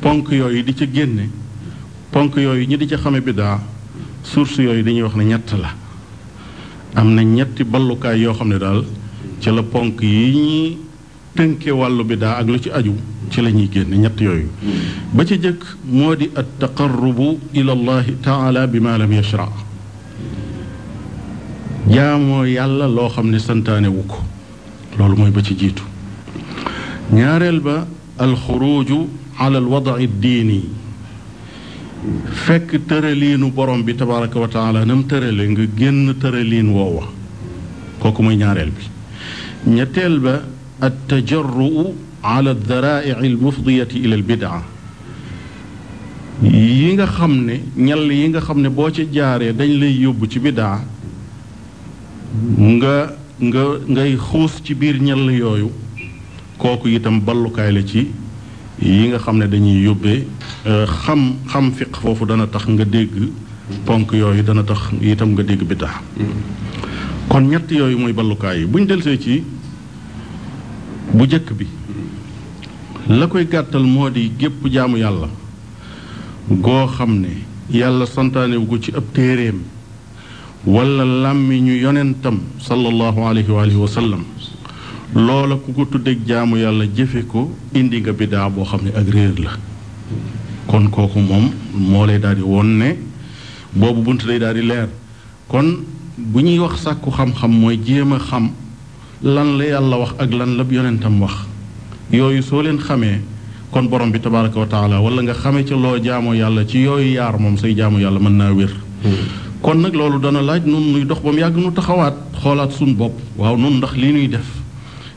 ponk yooyu di ca génne ponk yooyu ñi di ca xame biddaa source yooyu dañuy wax ne ñett la am na ñetti ballukaay yoo xam ne daal ci la ponk yi ñuy tënke wàllu daal ak lu ci aju ci la ñuy génn ñett yooyu ba ci jëkk moo di at taqarrubu ila allahi taala bi ma lam yashra jaamoo yàlla loo xam ne santaanewu ko loolu mooy ba ci jiitu ñaareel ba alxuruju ala alwadaci diini fekk tëraliinu borom bi tabaraka wa taala nam nga génn tëraliin woowa kooku mooy ñaareel bi ñetteel ba at tajarruu ala daraa'ici almufdiyati ila albidaa yi nga xam ne ñal yi nga xam ne boo ci jaaree dañ lay yóbbu ci biddaa nga ngay xuus ci biir ñal yooyu kooku itam ballukaay la ci yi nga xam ne dañuy yóbbee euh, xam xam fiq foofu dana tax nga dégg ponk yooyu dana tax itam nga dégg biddaa kon ñett yooyu mooy ballukaay yi bu ñu delsee ci bu jëkk bi la koy gàttal moo di gépp jaamu yàlla goo xam ne yàlla santaanewu ko ci ab téeréem wala ñu yonentam sallallahu alayhi wa alihi wa sallam loola ku ko tuddeeg jaamu yàlla jëfe ko indi nga bidaa boo xam ne ak réer la kon kooku moom moo lay daal di woon ne boobu bunt lay daal di leer kon bu ñuy wax sàkku xam-xam mooy jéem a xam lan la yàlla wax ak lan la yonentam wax yooyu soo leen xamee kon borom bi tabaraka wa taala wala nga xamee ca loo jaamu yàlla ci yooyu yaar moom say jaamu yàlla mën naa wér hmm. kon nag loolu dana laaj nun nuy dox ba mu yàgg nu taxawaat xoolaat suñu bopp waaw nun ndax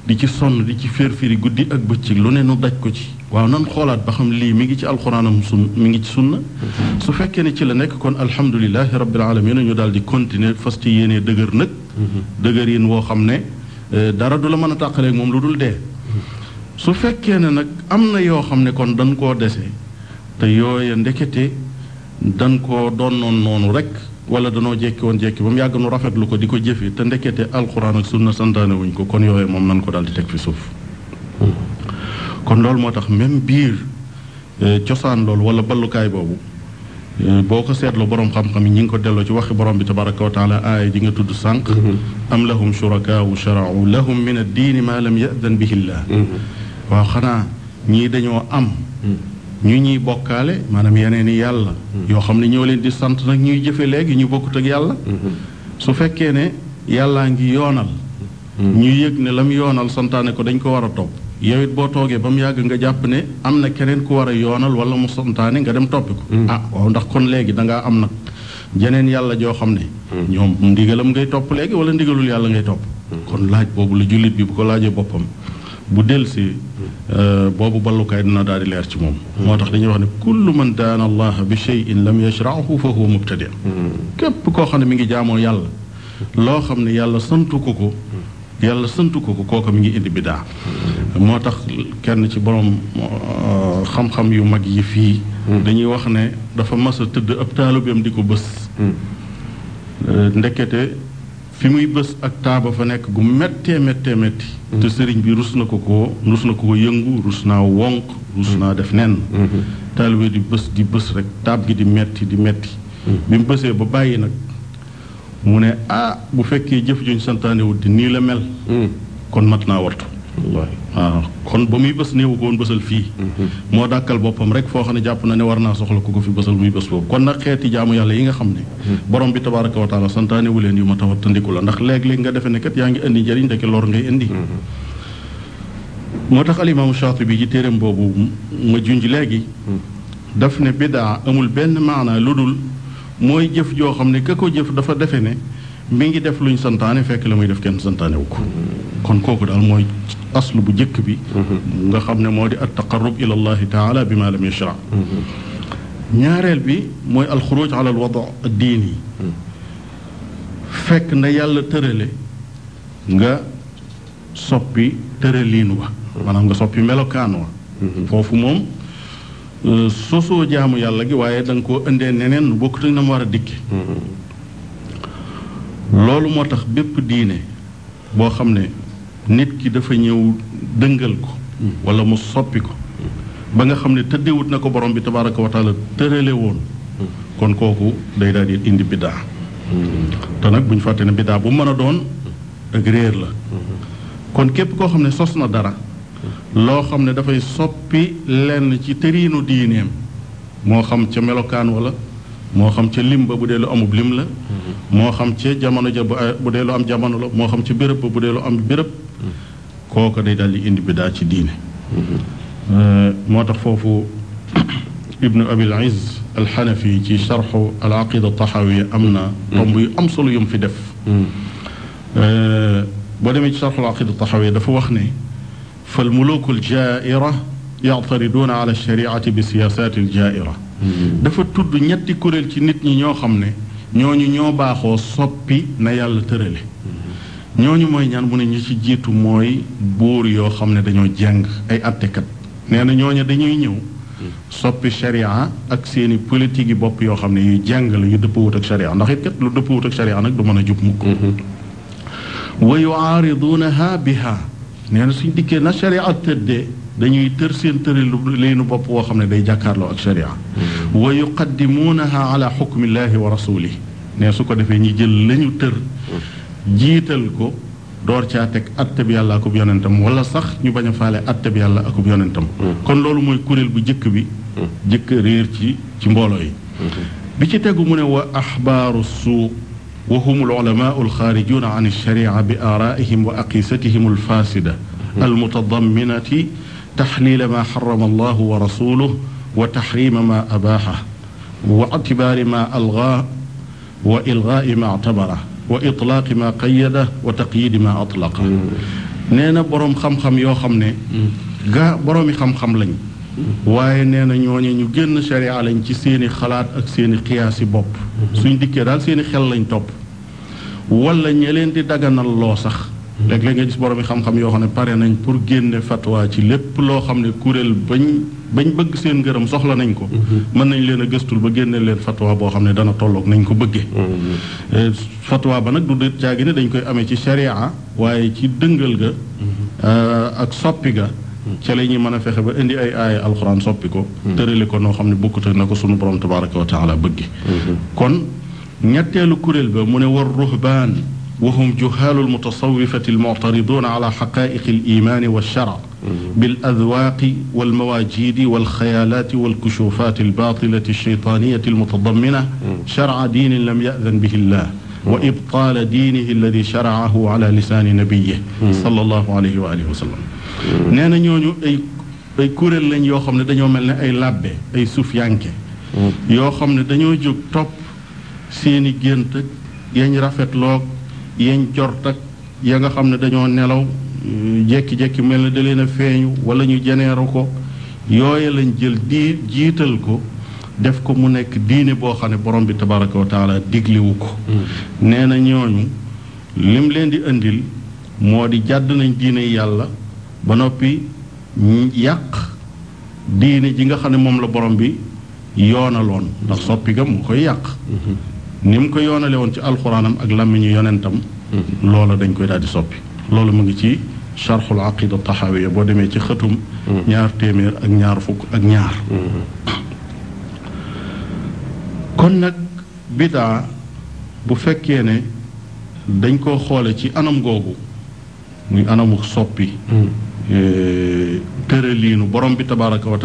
di ci sonn di ci féer-féeri guddi ak bëccëg lu ne nu daj ko ci waaw nan xoolaat ba xam lii mi ngi ci alxuraanam sun mi ngi ci sunna mm-hmm. su fekkee ne ci la nekk kon alhamdulilahi rabbil alamin ñu daal di continuer fas ci yéenee dëgër nag mm-hmm. dëgër yéen woo xam ne e, dara du la mën a tàqaleeg moom lu dul dee mm-hmm. su fekkee ne nag am na yoo xam ne kon dañ koo desee te yooya ndekete dañ koo doon noon noonu rek wala danoo jekki woon jekki ba mu yàgg nu rafetlu ko di ko jëfe te ndekete alxuraan ak sunna santaane wuñ ko kon yooyu moom nan ko daal di teg fi suuf kon loolu moo tax même biir eh, cosaan loolu wala ballukaay boobu eh, boo ko seetlu boroom xam-xam yi ñu ngi ko delloo ci waxi borom bi tabaraka wa taala aaya ji nga tudd sànq mm-hmm. am lahum shurakaau sharau lahum min ad diini ma lam yadan bihi llah mm-hmm. waaw xanaa ñii dañoo am mm-hmm. ñu ñuy bokkaale maanaam yeneen i yàlla mm-hmm. yoo xam ne ñoo leen di sant nag ñuy jëfe léegi ñu bokkut ak yàlla mm-hmm. su fekkee ne yàllaa ngi yoonal mm-hmm. ñuy yëg ne la mu yoonal santaane ko dañ ko war a topp yowit boo toogee ba mu yàgg nga jàpp ne am na keneen ku war a yoonal wala mu santaane nga dem toppi ko ah waaw ndax kon léegi dangaa am nag jeneen yàlla joo xam ne ñoom ndigalam ngay topp léegi wala ndigalul yàlla ngay topp kon laaj boobu la jullit bi bu ko laajee boppam bu dellusee euh, boobu ballukaay dina daal di leer ci moom moo tax dañuy wax ne kullu man daana allah bi cheyin lam yashrahu fa huwa mubtadi képp koo xam ne mi ngi jaamoo yàlla loo xam ne yàlla santu ko ko yàlla santu ko ko kooku mi ngi indi bidaa moo tax kenn ci borom euh, xam-xam yu mag yi fii dañuy wax ne dafa mas tëdd ab taalibeem di ko bës hmm. euh, ndekete fi muy bés ak taaba fa nekk gu méttee méttee metti te sëriñ bi rus na ko ko rus na ko ko yëngu rus naa wonk rus naa def nenn taalibe di bés di bés rek taab gi di metti di metti bi mu bësee ba bàyyi nag mu ne ah bu fekkee jëf juñ santaanewut di nii la mel hmm. kon mat naa wartu waaw ah, kon ba muy bés néewu ko woon bësal fii mhm. moo dàkkal boppam rek foo xam ne jàpp na ne war naa soxla ku ko fi bësal muy bés boobu kon na xeeti jaamu yàlla yi nga xam ne mhm. borom bi tabaraka wa taala santaane wu leen yu ma tawat tandiku la ndax léeg-léeg nga defe ne kat yaa ngi indi njëriñ ndeke lor ngay indi mhm. moo tax alimaamu Shaatibi ci téeréem boobu ma junj léegi daf ne bidaa amul benn maanaa lu dul mooy jëf joo xam ne ka ko jëf dafa defe ne mi ngi def luñ santaane fekk la muy def kenn santaane wu ko kon kooku daal mooy aslu bu njëkk bi mm-hmm. nga xam ne moo di at taqarrub ila allahi taala bi ma lam mm-hmm. ñaareel bi mooy alxuruj ala al wada diini mm-hmm. fekk na yàlla tërale nga soppi tëraliin wa maanaam nga soppi melokaan wa foofu moom euh, sosoo jaamu yàlla gi waaye da nga koo indee neneen bokkut na mu war a dikke loolu moo tax bépp diine boo xam ne nit ki dafa ñëw dëngal ko wala mu soppi ko ba nga xam ne tëddewut na ko borom bi tabaaraka wa taala tërale woon kon kooku day daal di indi biddaa te nag bu ñu fàtte ne biddaa bu mën a doon ak réer la kon képp koo xam ne sos na dara loo xam ne dafay soppi lenn ci tëriinu diineem moo xam ca melokaan walla moo xam ca lim ba bu dee lu amub lim la mm-hmm. moo xam ca jamono ja bu dee lu am jamono la moo xam ca béréb ba bu dee lu am béréb mm-hmm. kooka day daal di indi bidaa ci diine mm-hmm. euh, moo tax foofu (coughs) ibnu abil izz alxanafi ci charxu al aqida taxawiya am na tomb yu am solo yum fi def euh, boo demee ci charxu al aqida taxawiya dafa wax ne fal muluku al jaaira yactariduuna ala alshariati bi siyaasati al jaaira Mm-hmm. dafa tudd ñetti kuréel ci nit ñi ñoo xam ne ñoo ñu ñoo baaxoo soppi na yàlla tërale mm-hmm. ñooñu mooy ñaan mu ne ñu ci jiitu mooy buur yoo xam ne dañoo jàng ay attekat nee na ñooñu dañuy ñëw mm-hmm. soppi sharia ak seeni politique yi bopp yoo xam ne yu jàng la yu dëppawut ak sharia ndax it kat lu dëppawut ak sharia nag du mën a jub mukk wa yuaaridunaha biha nee na suñ dikkee na sharia tëddee dañuy tër seen tëri leenu bopp woo xam ne day jàkkaarloo ak sharia hmm. wa yuqaddimuunaha ala xukmillahi wa rasulih ne su ko defee ñi jël lañu ñu tër hmm. jiital ko door caa teg atte bi yàlla akub yonentam wala sax ñu bañ a faale atte bi yàlla akub yonentam hmm. kon loolu mooy kuréel bu jëkk bi jëkk réer ci ci mbooloo yi bi ci tegu mu ne wa axbaaru suu wa hum al ulamaau alxaarijuuna an alsharia bi aaraihim wa aqisatihim alfaasida almutadaminati taxliila maa xarama allahu wa rasuluh wa taxrima maa abaaxa wa ictibaari maa algaa wa ilgaai maa atabara wa itlaaqi maa qayada wa taqyiidi maa atlaqa nee na borom xam-xam yoo xam ne gaa boroomi xam-xam lañ waaye nee na ñooñu ñu génn sharia lañ ci seeni xalaat ak seeni xiyaasi bopp suñ dikkee daal seeni xel lañ topp walla ña leen di daganal loo sax léeg-léeg nga gis borom yi xam-xam yoo xam ne pare nañ pour génne fatwa ci lépp loo xam ne kuréel bañ bañ bëgg seen ngërëm soxla nañ ko. Mm-hmm. mën nañ leen a gëstul ba génne leen fatwa boo xam ne dana tolloog nañ ko bëgge mm-hmm. eh, fatwa ba nag du jaagi ne dañ koy amee ci sharia waaye ci dëngal ga. Mm-hmm. Eh, ak soppi ga. ca la ñuy mën a fexe ba indi ay aaya alxuraan soppi ko. tërale ko noo xam ne bokkut na ko sunu borom tabaraka wa taala bëgg. kon ñetteelu kuréel ba mu ne وهم جهال المتصوفة المعترضون على حقائق الإيمان والشرع بالأذواق والمواجيد والخيالات والكشوفات الباطلة الشيطانية المتضمنة شرع دين لم يأذن به الله وإبطال دينه الذي شرعه على لسان نبيه صلى الله عليه وآله وسلم nee na ñooñu ay ay kuréel lañ yoo xam ne dañoo mel ne ay làbbe ay sufiyanke yoo xam ne dañoo jóg topp seeni gént yañ rafetloog yañ jort ak ya nga xam ne dañoo nelaw mm, jékki-jékki mel na da leen a feeñu wala ñu jeneeru ko yooye lañ jël di jiital ko def ko mu nekk diine boo xam ne borom bi tabaraka wa taala digliwu ko mm. nee na ñooñu lim leen di indil moo di jàdd nañ diine yàlla ba noppi yàq diine ji nga xam ne moom la borom bi yoonaloon ndax soppi ga mu koy yàq mm-hmm. ni mu ko yoonale woon ci alxuraanam ak làmmiñu yonentam mm-hmm. loola dañ koy daal di soppi loolu mu ngi ci charxul aqida taxawiya boo demee ci xëtum mm-hmm. ñaar téeméer ak ñaar fukk ak ñaar mm-hmm. kon nag bidaa bu fekkee ne dañ koo xoole ci anam googu muy anamu soppi eh, tëraliinu borom bi tabaraka wa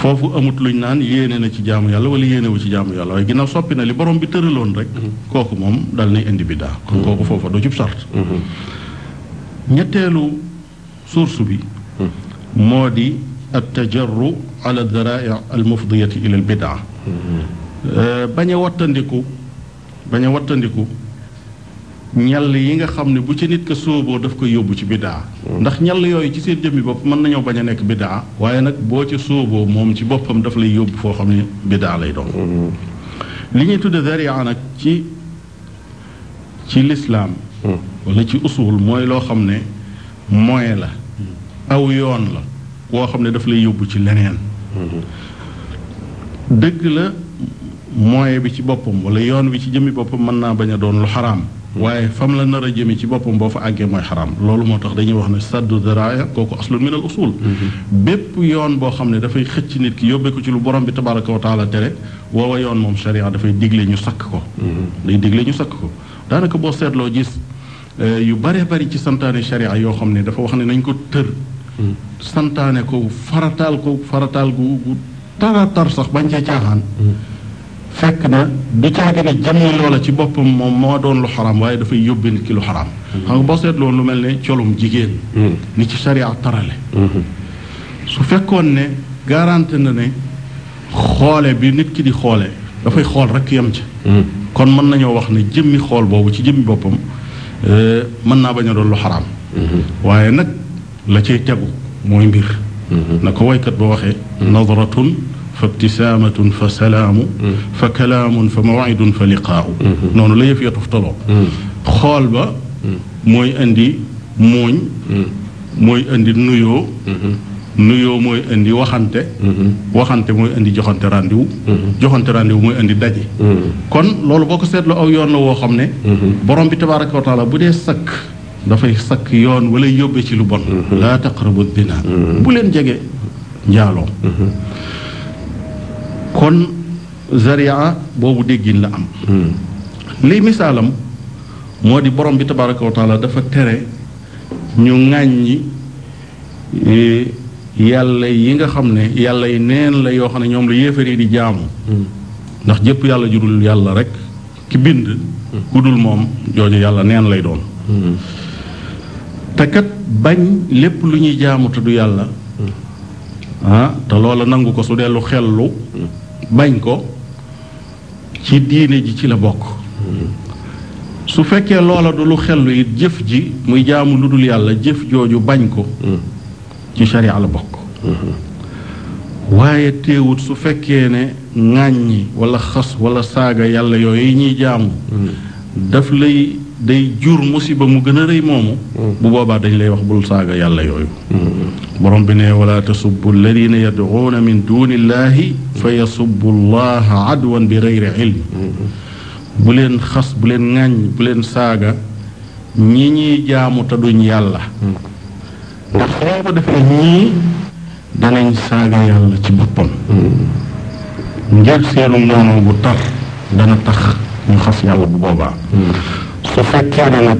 foofu amut luñ naan yéene na ci jaamu yàlla wala yéenewu ci jaamu yàlla waaye ginnaaw soppi na li borom bi tëraloon rek mhm. kooku moom dal nay indi biddaa kon mhm. kooku foofa du cib sart mhm. ñetteelu source bi moo di at tajarru ala al mufdiyati ila al bidaa euh, bañ a wattandiku bañ a wattandiku ñal yi nga xam ne bu ci nit ka sóoboo daf koy yóbbu ci biddaa mm. ndax ñal yooyu ci seen jëmmi bopp mën nañoo bañ a nekk biddaa waaye nag boo ci sóoboo moom ci boppam daf lay yóbbu foo xam ne biddaa lay mm. tudde zaria nag ci ci lislaam mm. wala ci usul mooy loo xam ne moyen la aw yoon la woo xam ne daf lay yóbbu ci leneen mm-hmm. dëgg la moyen bi ci boppam wala yoon wi ci jëmmi boppam mën naa bañ a doon lu xaraam waaye fam la nar a jëme ci boppam boo fa àggee mooy xaraam loolu moo tax dañuy wax ne saddu daraaya kooku aslun min al usul mhm. bépp yoon boo xam ne dafay xëcc nit ki yóbbee ko ci lu borom bi tabaraka wa taala tere woowa yoon moom sharia dafay digle ñu sakk ko mhm. day digle ñu sakk ko daanaka boo seetloo gis eh, yu baree bari ci santaane sharia yoo xam ne dafa wax ne nañ ko tër mhm. santaane ko farataal ko farataal gu gu taratar sax bañ cee caaxaan fekk na du caagi ne jëmmi loola ci boppam moom moo doon lu xaram waaye dafay yóbbe nit ki lu xaram mm-hmm. xam nga boo seetloo lu mel ne colum jigéen mm-hmm. ni ci sariya tarale mm-hmm. su fekkoon ne garanti na ne xoole bi nit ki di xoole dafay xool rek yem ci kon mën nañoo wax ne jëmmi xool boobu ci jëmmi boppam euh, mën naa bañ a doon lu xaraam waaye nag la cay tegu mooy mbir na ko waykat ba waxee nazaratun fa ibtisaamatun fa salaamu mm. fa kalaamun fa mawidun fa liqaawu mm-hmm. noonu la yëf ya toftaloo mm. xool ba mm. mooy indi muuñ mooy indi nuyoo mm-hmm. nuyoo mooy indi waxante mm-hmm. waxante mooy indi joxante rendez-vous joxante rendez mooy indi daje kon loolu boo ko seetloo aw yoon la woo xam ne borom bi tabaaraka wa bu dee sakk dafay sakk yoon wala yóbbe ci lu bon laa taqrabu zina bu leen jege njaaloo kon zaria boobu déggin la am hmm. lii misaalam moo di borom bi tabaraka wa dafa tere ñu ŋàññi eh, yàlla yi nga xam ne yàlla yi neen la yoo xam ne ñoom la yéefari di jaamu hmm. ndax jëpp yàlla jurul yàlla rek ki bind hmm. ku dul moom jooju yàlla neen lay doon te kat bañ lépp lu ñuy jaamu te du yàlla ah te loola nangu ko su dellu xellu bañ ko ci diine ji ci la bokk su fekkee loola du lu xellu it jëf ji muy jaamu lu dul yàlla jëf jooju bañ ko ci sharia la bokk waaye teewut su fekkee ne yi wala xas wala saaga yàlla yooyu ñuy jaamu mm-hmm. daf lay day jur musiba mu gën a rëy moomu hmm. bu boobaa dañ lay wax bul saaga yàlla yooyu hmm. borom bi ne wala tasubbu alladina yad'uuna min duni illahi fa yasubbu bi gayri ilm hmm. bu leen xas bu leen ŋàññ bu ñi jaamu te duñ yàlla ndax soo ko defee ñii danañ saaga yàlla ci boppam ngir seenu noonu bu tar dana tax ñu xas yàlla bu boobaa su fekkee ne nag.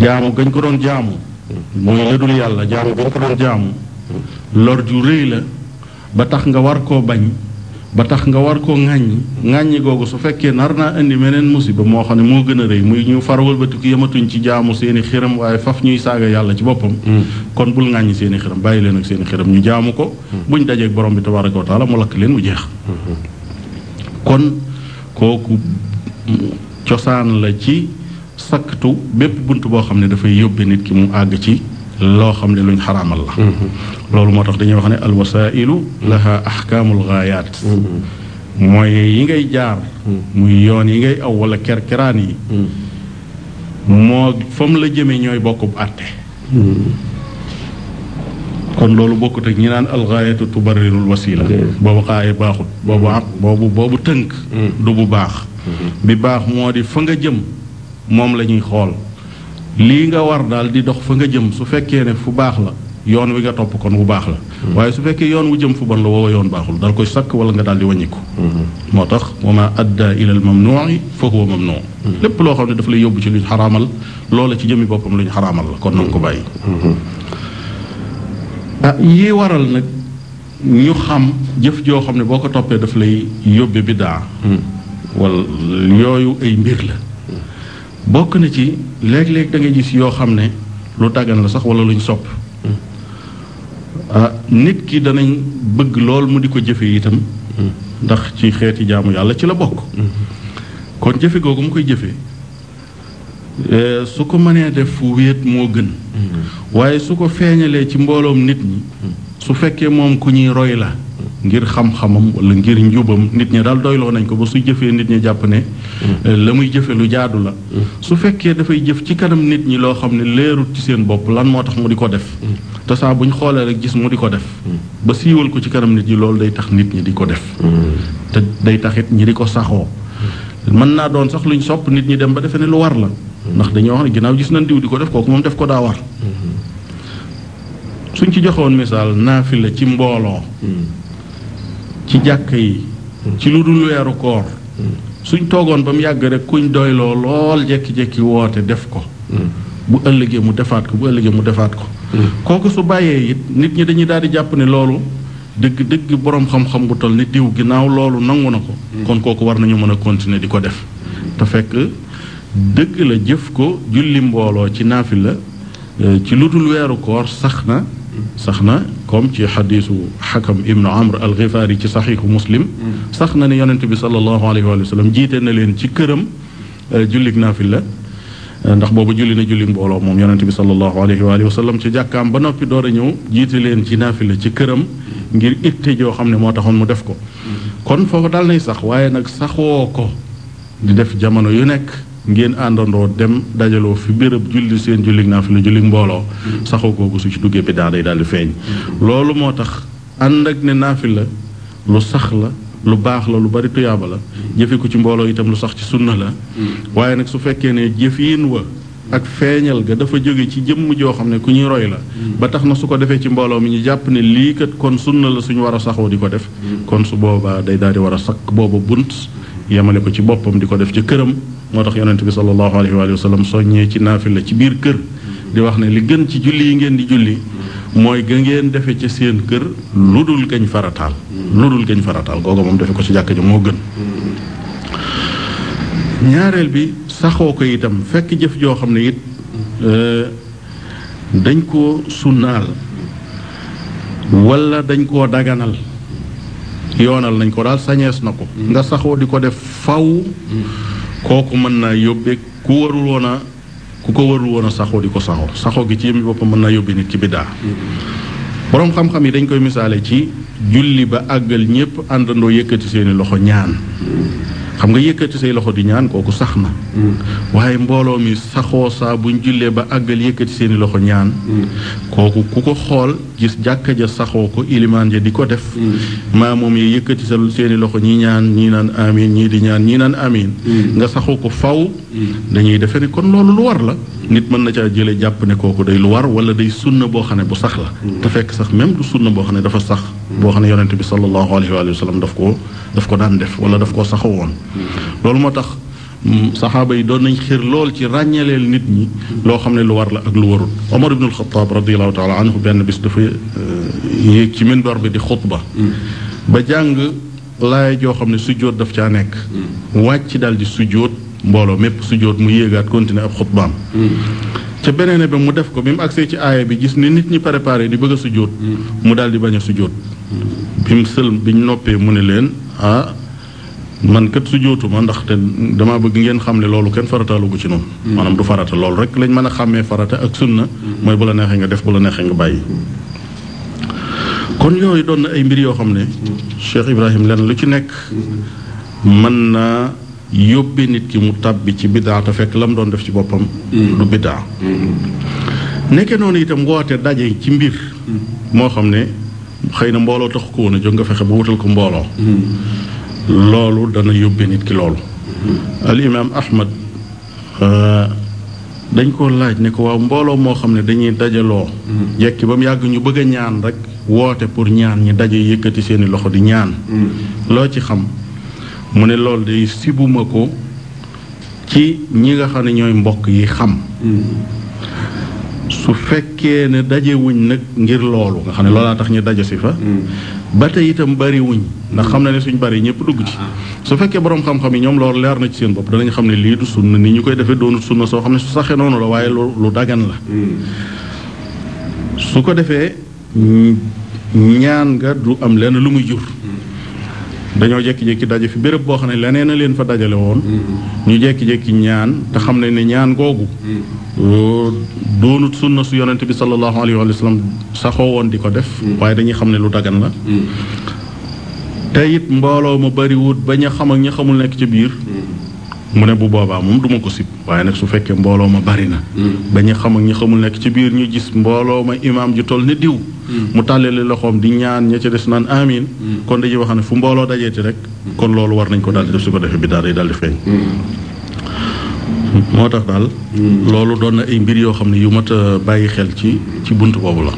jaamu gañ ko doon jaamu. mooy la dul yàlla jaamu gañ ko doon jaamu. lor ju rëy la ba tax nga war koo bañ. ba tax nga war koo ŋàññi ŋàññi googu su fekkee nar naa indi meneen musiba moo xam ne moo gën a rëy muy ñu farwal batiku yematuñ ci jaamu seeni xiram waaye faf ñuy saaga yàlla ci boppam hmm. kon bul ŋàññi seeni xiram bàyyi leen ak seeni xiram ñu jaamu ko hmm. buñ dajeeg borom bi tabaraka wa taala mu lakk leen mu jeex hmm. kon kooku cosaan la ci sakkatu bépp bunt boo xam ne dafay yóbbe nit ki mu àgg ci loo xam ne luñ xaraamal la mm-hmm. loolu moo tax dañuy wax ne alwasailu mm-hmm. laha ahkaamul gaayaat mm-hmm. mooy yi ngay jaar muy yoon yi ngay aw walla kerkeraan yi moo fam la jëme ñooy bokkub àtte kon loolu bokkut ñi naan algaayatu tubarirul wasila boobu xaaye baaxut boobu tënk mm. du bu baax Mhm. bi baax moo di fa nga jëm moom la ñuy xool lii nga war daal di dox fa nga jëm su fekkee ne fu baax la yoon wi nga topp kon wu baax la mhm. waaye su fekkee yoon wu jëm fu bon la woowa yoon baaxul dal koy sakk wala nga daal di wàññiku mhm. moo tax wa ma adda ila al mamnu'i fa huwa mamnu' lépp loo xam ne dafa lay yóbbu ci luñ xaraamal loola ci jëmi boppam luñ xaraamal la kon nanga ko bàyyi ah yi waral nag ñu xam jëf joo xam ne boo ko toppee daf lay yóbbe biddaa wala yooyu ay mbir la bokk na ci léeg-léeg da ngay gis yoo xam ne lu tàggan la sax wala luñ sopp ah nit ki danañ bëgg lool mu di ko jëfe itam ndax ci xeeti jaamu yàlla ci la bokk kon jëfe googu mu koy jëfe eh, su ko mënee def fu wéet moo gën mm-hmm. waaye su ko feeñalee ci mbooloom nit ñi su fekkee moom ku ñuy roy la ngir xam-xamam wala ngir njubam nit ñi daal doyloo nañ ko ba su jëfee nit ñi jàpp ne mm-hmm. euh, la muy jëfe lu jaadu la mm-hmm. su fekkee dafay jëf ci kanam nit ñi loo xam ne leerut ci seen bopp lan moo tax mu di ko def mm-hmm. te saa bu ñu xoolee rek gis mu di ko def ba siiwal ko ci kanam nit ñi loolu day tax nit ñi di ko def te day taxit ñi di ko saxoo mën naa doon sax luñ sopp nit ñi dem ba defee ne lu war la ndax dañoo wax ne ginnaaw gis nañ diw di ko def kooku moom def ko daa war suñ ci joxoon misaal la ci mbooloo ci jàkk yi mm. ci lu dul weeru koor mm. suñ toogoon ba mu yàgg rek kuñ doyloo lool jekki-jekki woote def ko mm. bu ëllëgee mu defaat ko bu ëllëgee mu defaat ko kooku su bàyyee it nit ñi dañuy daal di jàpp ne loolu dëgg dëgg borom xam-xam bu toll ni diw ginnaaw loolu nangu na ko kon kooku war nañu mën a continuer di ko def te fekk dëgg la jëf ko julli mbooloo ci naafi la eh, ci lu dul weeru koor sax na sax na comme ci xadiisu xakam ibnu amr al xifaari ci saxiixu muslim sax na ne yonent bi sallallahu alayhi wa sallam jiite na leen ci këram euh, jullig la euh, ndax boobu julli na julli mbooloo moom yonent bi sallallahu alayhi wa sallam ci jàkkaam ba noppi door a ñëw jiite leen ci naafila ci këram ngir itte joo xam ne moo taxoon mu def ko mm-hmm. kon foofu daal nay sax waaye nag saxoo ko di def jamono yu nekk ngeen àndandoo dem dajaloo fi béréb julli seen jullig naa fi la jullig mbooloo saxoo googu su ci duggee bi daa day daal di feeñ loolu moo tax ànd ak ne naafi la lu sax la lu baax la lu bari tuyaaba la jëfe ko ci mbooloo itam lu sax ci sunna la waaye nag su fekkee ne jëfiin wa ak feeñal ga dafa jóge ci jëmm joo xam ne ku ñuy roy la ba tax na su ko defee ci mbooloo mi ñu jàpp ne lii kat kon sunna la suñu war a saxoo di ko def kon su boobaa day daal di war a sakk booba bunt yemale ci boppam di ko def ci këram moo tax yonent bi sallallahu alayhi wa sallam soññee ci naafila ci biir kër di wax ne li gën ci julli yi ngeen di julli mooy ga ngeen defe ci seen kër lu dul gañ farataal lu dul gañ farataal googu moom defe ko ci jàkka ji moo gën ñaareel bi saxoo ko itam fekk jëf joo xam ne it euh, dañ koo sunnaal wala dañ koo daganal yoonal nañ ko daal sañees na ko nga saxoo di ko def faw kooku mën naa yóbbeek ku warul woon a ku ko warul woon a saxoo di ko saxoo saxoo gi ci yëmi boppam mën naa yóbbee nit ci biddaa boroom xam-xam yi dañ koy misaale ci julli ba àggal ñépp àndandoo yëkkati seeni loxo ñaan xam nga yëkkati say loxo di ñaan kooku sax na waaye mbooloo mi saxoo saa buñ jullee ba àggal yëkkati seeni loxo ñaan mm. kooku ku ko xool gis jàkka ja saxoo ko ilimaan ja di ko def mm. maa moom yi yëkkati sa seeni loxo ñi ñaan ñi naan amin ñii di ñaan ñii naan amin mm. nga saxoo ko faw mm. dañuy defe ne kon loolu lu war la nit mën na caa jële jàpp ne kooku day lu war wala day sunna boo xam ne bu sax la te fekk sax même du sunna boo xam ne dafa sax boo xam ne yonente bi sallallahu alayhi wa sallam daf ko daf ko daan def wala daf koo saxoo woon loolu moo tax Mm, saxaaba yi doon nañ xir lool ci ràññaleel nit ñi loo xam ne lu war la ak lu warul omar ibnul xataab radiallahu taala anhu benn bis dafa uh, yéeg ci minbar bi di xutba mm. ba jàng laay joo xam ne sujjóot daf caa nekk mm. wàcc daal di sujjóot mbooloo mépp sujjóot mu yéegaat continuer ab xutbaam ca beneen ba mu def ko bi mu agsee ci aaya bi gis ni nit ñi préparé di bëgg a sujjóot mu daal di bañ a sujjóot bi sël bi ñu noppee mu ne leen ah man kat su jootuma ndaxte damaa bëgg ngeen xam ne loolu kenn farataalu ko ci noonu. Mm. maanaam du farata loolu rek lañ mën a xàmmee farata ak sunna mm. mooy bu la neexee nga def bu nga bàyyi. yooyu doon na yoo xam ne. Mm. Cheikh Ibrahim lenn lu ci nekk. mën naa yóbbe nit ki mu tàbbi ci biddaa te fekk la mu doon def ci boppam. du biddaa. nekke noonu itam woote daje ci mbir. moo xam ne xëy na mbooloo taxu ko woon a jóg nga fexe ba wutal ko mbooloo. loolu dana yóbbe nit ki loolu al imaam ahmad euh, dañ ko laaj ne ko waaw mbooloo moo xam ne dañuy dajaloo jekki ba mu yàgg ñu bëgg a ñaan rek woote pour ñaan ñi daje yëkkati seeni loxo di ñaan loo ci xam mu ne loolu day sibuma ko ci ñi nga xam ne ñooy mbokk yi xam su fekkee ne dajewuñ nag ngir loolu nga xam ne loolaa tax ñu daje si fa ba tey itam bari wuñ ndax xam na ne suñu baree ñëpp dugg ci su fekkee borom xam-xam yi ñoom loolu leer na ci seen bopp danañ xam ne lii du sunna ni ñu koy defee doonut sunna soo xam ne su saxee noonu la waaye lu dagan la su ko defee ñaan nga du am lenn lu muy jur dañoo jékki-jékki daje fi béréb boo xam ne leneen a leen fa dajale woon. ñu jékki-jékki ñaan te xam nañ ne ñaan googu. doonut sunna su yonente bi sallallahu alayhi wa sallam saxoo woon di ko def. waaye dañuy xam ne lu dagan la. te it mbooloo ma bariwut ba ña xam ak ña xamul nekk ci biir. mu ne bu boobaa moom duma ko sib waaye nag su fekkee mbooloo ma bari na mm. ba ñu xam ak ñi xamul nekk ci biir ñu gis mbooloo ma imaam ju toll ne diw mm. mu tàllale loxoom di ñaan ña ca des naan amiin mm. kon dañuy wax ne fu mbooloo dajeeti rek kon loolu war nañ ko daal di def su ko defee bi daal daal di tax daal loolu doon na mbir yoo xam ne yu mat a bàyyi xel ci ci bunt boobu la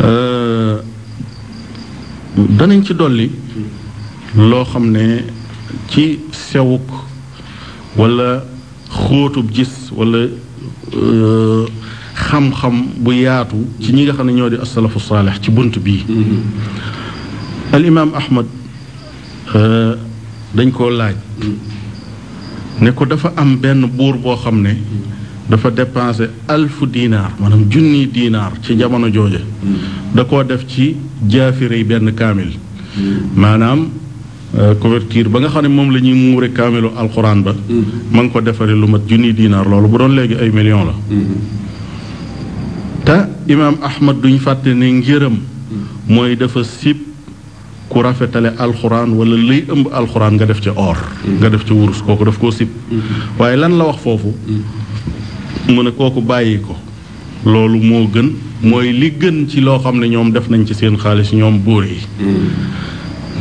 euh, danañ ci dolli loo xam ne ci sewuk wala xóotub jis wala euh, xam-xam bu yaatu ci ñi nga xam ne ñoo di asalafu saalix ci bunt bii mm-hmm. al imaam ahmad euh, dañ koo laaj mm-hmm. ne ko dafa am benn buur boo xam ne mm-hmm. dafa dépensé alfu dinaar maanaam junni dinaar ci jamono jooje da koo def ci jaafire yi benn kaamil maanaam Euh, couverture ba nga xam ne moom la ñuy muure kaamelu alxuraan ba mm-hmm. ma nga ko defaree lu mat junni diinaar loolu bu doon léegi ay million la mm-hmm. te imaam ahmad duñ fàtte ne ngërëm mm-hmm. mooy dafa sib ku rafetale alxuraan wala liy ëmb alxuraan nga def ca or nga def ca wurus kooku daf koo sib waaye lan la wax foofu mu ne kooku bàyyi ko loolu moo gën mooy li gën ci loo xam ne ñoom def nañ ci seen xaalis ñoom buur yi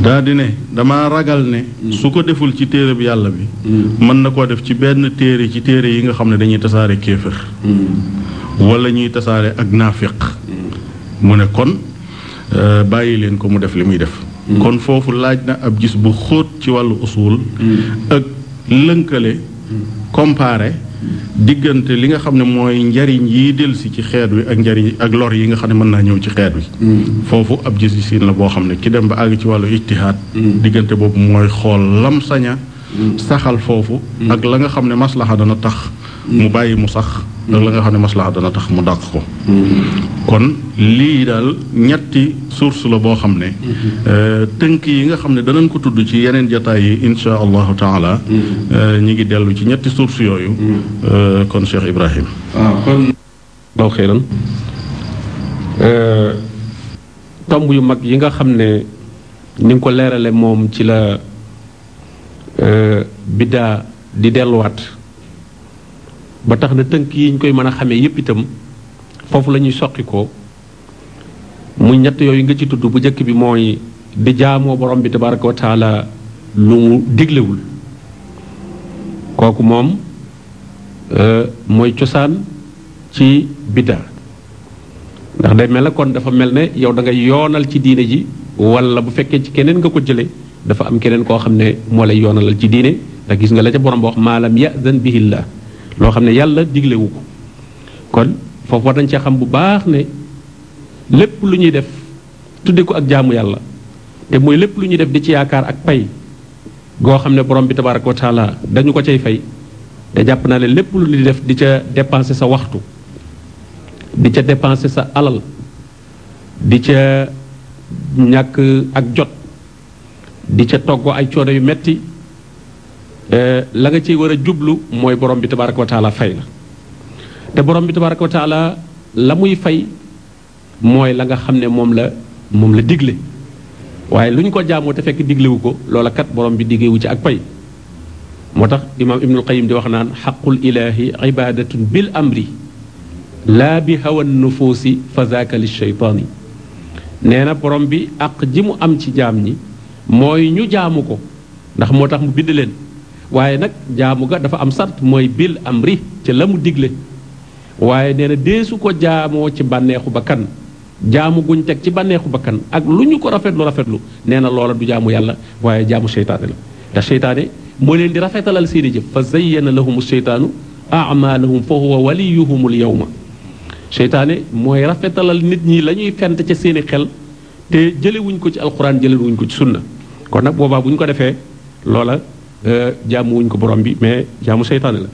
daa ne dama ragal ne. Mm. su ko deful ci téere bi yàlla bi. Mm. mën na koo def ci benn téere ci téere yi nga xam ne dañuy tasaare kéefër. Mm. wala ñuy tasaare ak naafiq mu ne kon euh, bàyyi leen ko mu def li muy def. kon foofu laaj na ab gis bu xóot ci wàllu usul. ak lënkale. comparer. diggante li nga xam ne mooy njariñ yiy si ci xeet wi ak njariñ ak lor yi nga xam ne mën naa ñëw ci xeet wi mm. foofu ab gis-gisin la boo xam ne ki dem ba àgg ci wàllu ijtihaad mm. diggante boobu mooy xool lam saña mm. saxal foofu ak la nga xam ne maslaxa dana tax mu bàyyi mu sax ndax la nga xam ne maslaa dana tax mu dàq ko kon lii daal ñetti source la boo xam ne euh, tënk yi nga xam ne danañ ko tudd ci yeneen jataay yi insha allahu taala euh, ñi ngi dellu ci ñetti source yooyu euh, kon Cheikh Ibrahim waaw ah, kon law tomb yu mag yi nga xam ne ni nga ko leerale moom ci la biddaa di delluwaat ba tax na tënk yi ñu koy mën a xamee yépp itam foofu la ñuy soqi ko mu ñett yooyu nga ci tudd bu njëkk bi mooy di jaamoo borom bi tabaraka wa taala lu mu diglewul kooku moom euh, mooy cosaan ci bidda ndax day mel ne kon dafa mel ne yow da nga yoonal ci diine ji wala bu fekkee ci keneen nga ko jële dafa am keneen koo xam ne moo lay yoonalal ci diine ndax gis nga la ca borom boo wax maalam ya'zan bihi llah loo xam ne yàlla diglewu ko kon foofu war nañ xam bu baax ne lépp lu ñuy def tudde ko ak jaamu yàlla te mooy lépp lu ñuy def di ci yaakaar ak pay goo xam ne borom bi tabaraka wa taala dañu ko cay fay te jàpp naa ne lépp lu ñuy def di ca dépenser sa waxtu di ca dépenser sa alal di ca ñàkk ak jot di ca togg ay coono yu metti la nga ciy war a jublu mooy borom bi tabaraka wa taala fay la te borom bi tabaraka wa taala la muy fay mooy la nga xam ne moom la moom la digle waaye lu ñu ko jaamoo te fekk diglewu ko loola kat borom bi diggewu ci ak pay moo tax imaam ibnul qayim di wax naan xaqul ilaahi ibadatun bil amri laa bi hawa nufuusi fa zaaka li sheytaani nee na borom bi ak ji mu am ci jaam ñi mooy ñu jaamu ko ndax moo tax mu bind leen waaye nag jaamu ga dafa am sant mooy bil amri ci la mu digle waaye nee na désu ko jaamoo ci bànneexu bakkan jaamu guñ teg ci bànneexu bakkan ak lu ñu ko rafetlu rafetlu nee na loola du jaamu yàlla waaye jaamu seytaane la ndax seytaane moo leen di rafetalal seeni jëf fa zayyana lahumu seytaanu amalahum fa huwa waliyuhum al yawma seytaane mooy rafetalal nit ñi la ñuy fent ca seeni xel te jëlewuñ ko ci alquran jëlewuñ ko ci sunna kon nag boobaa bu ko defee Euh, jaamu wuñ ko borom bi mais jaamu seytaane la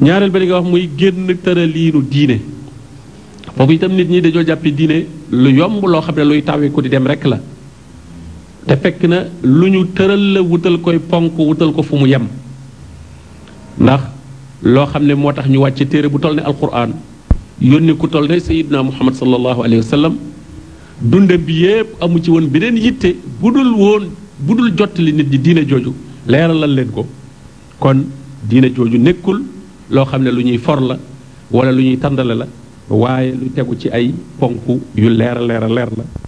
ñaareel ba li nga wax muy génn tëraliinu diine foofu itam nit ñi dajoo jàppe diine lu yomb loo xam ne luy tawee ko di dem rek la te fekk na lu ñu tëral la wutal koy ponk wutal ko fu mu yem ndax loo xam ne moo tax ñu wàcce téere bu toll ne alquran yónni ku toll ne sayidna muhammad sallallahu alayhi wa sallam dundam bi yépp amu ci woon beneen yitte bu dul woon bu dul jottali nit ñi diine jooju leeralal leen ko kon diina jooju nekkul loo xam ne lu ñuy for la wala lu ñuy tàndale la waaye lu tegu ci ay ponk yu leer a leer a leer la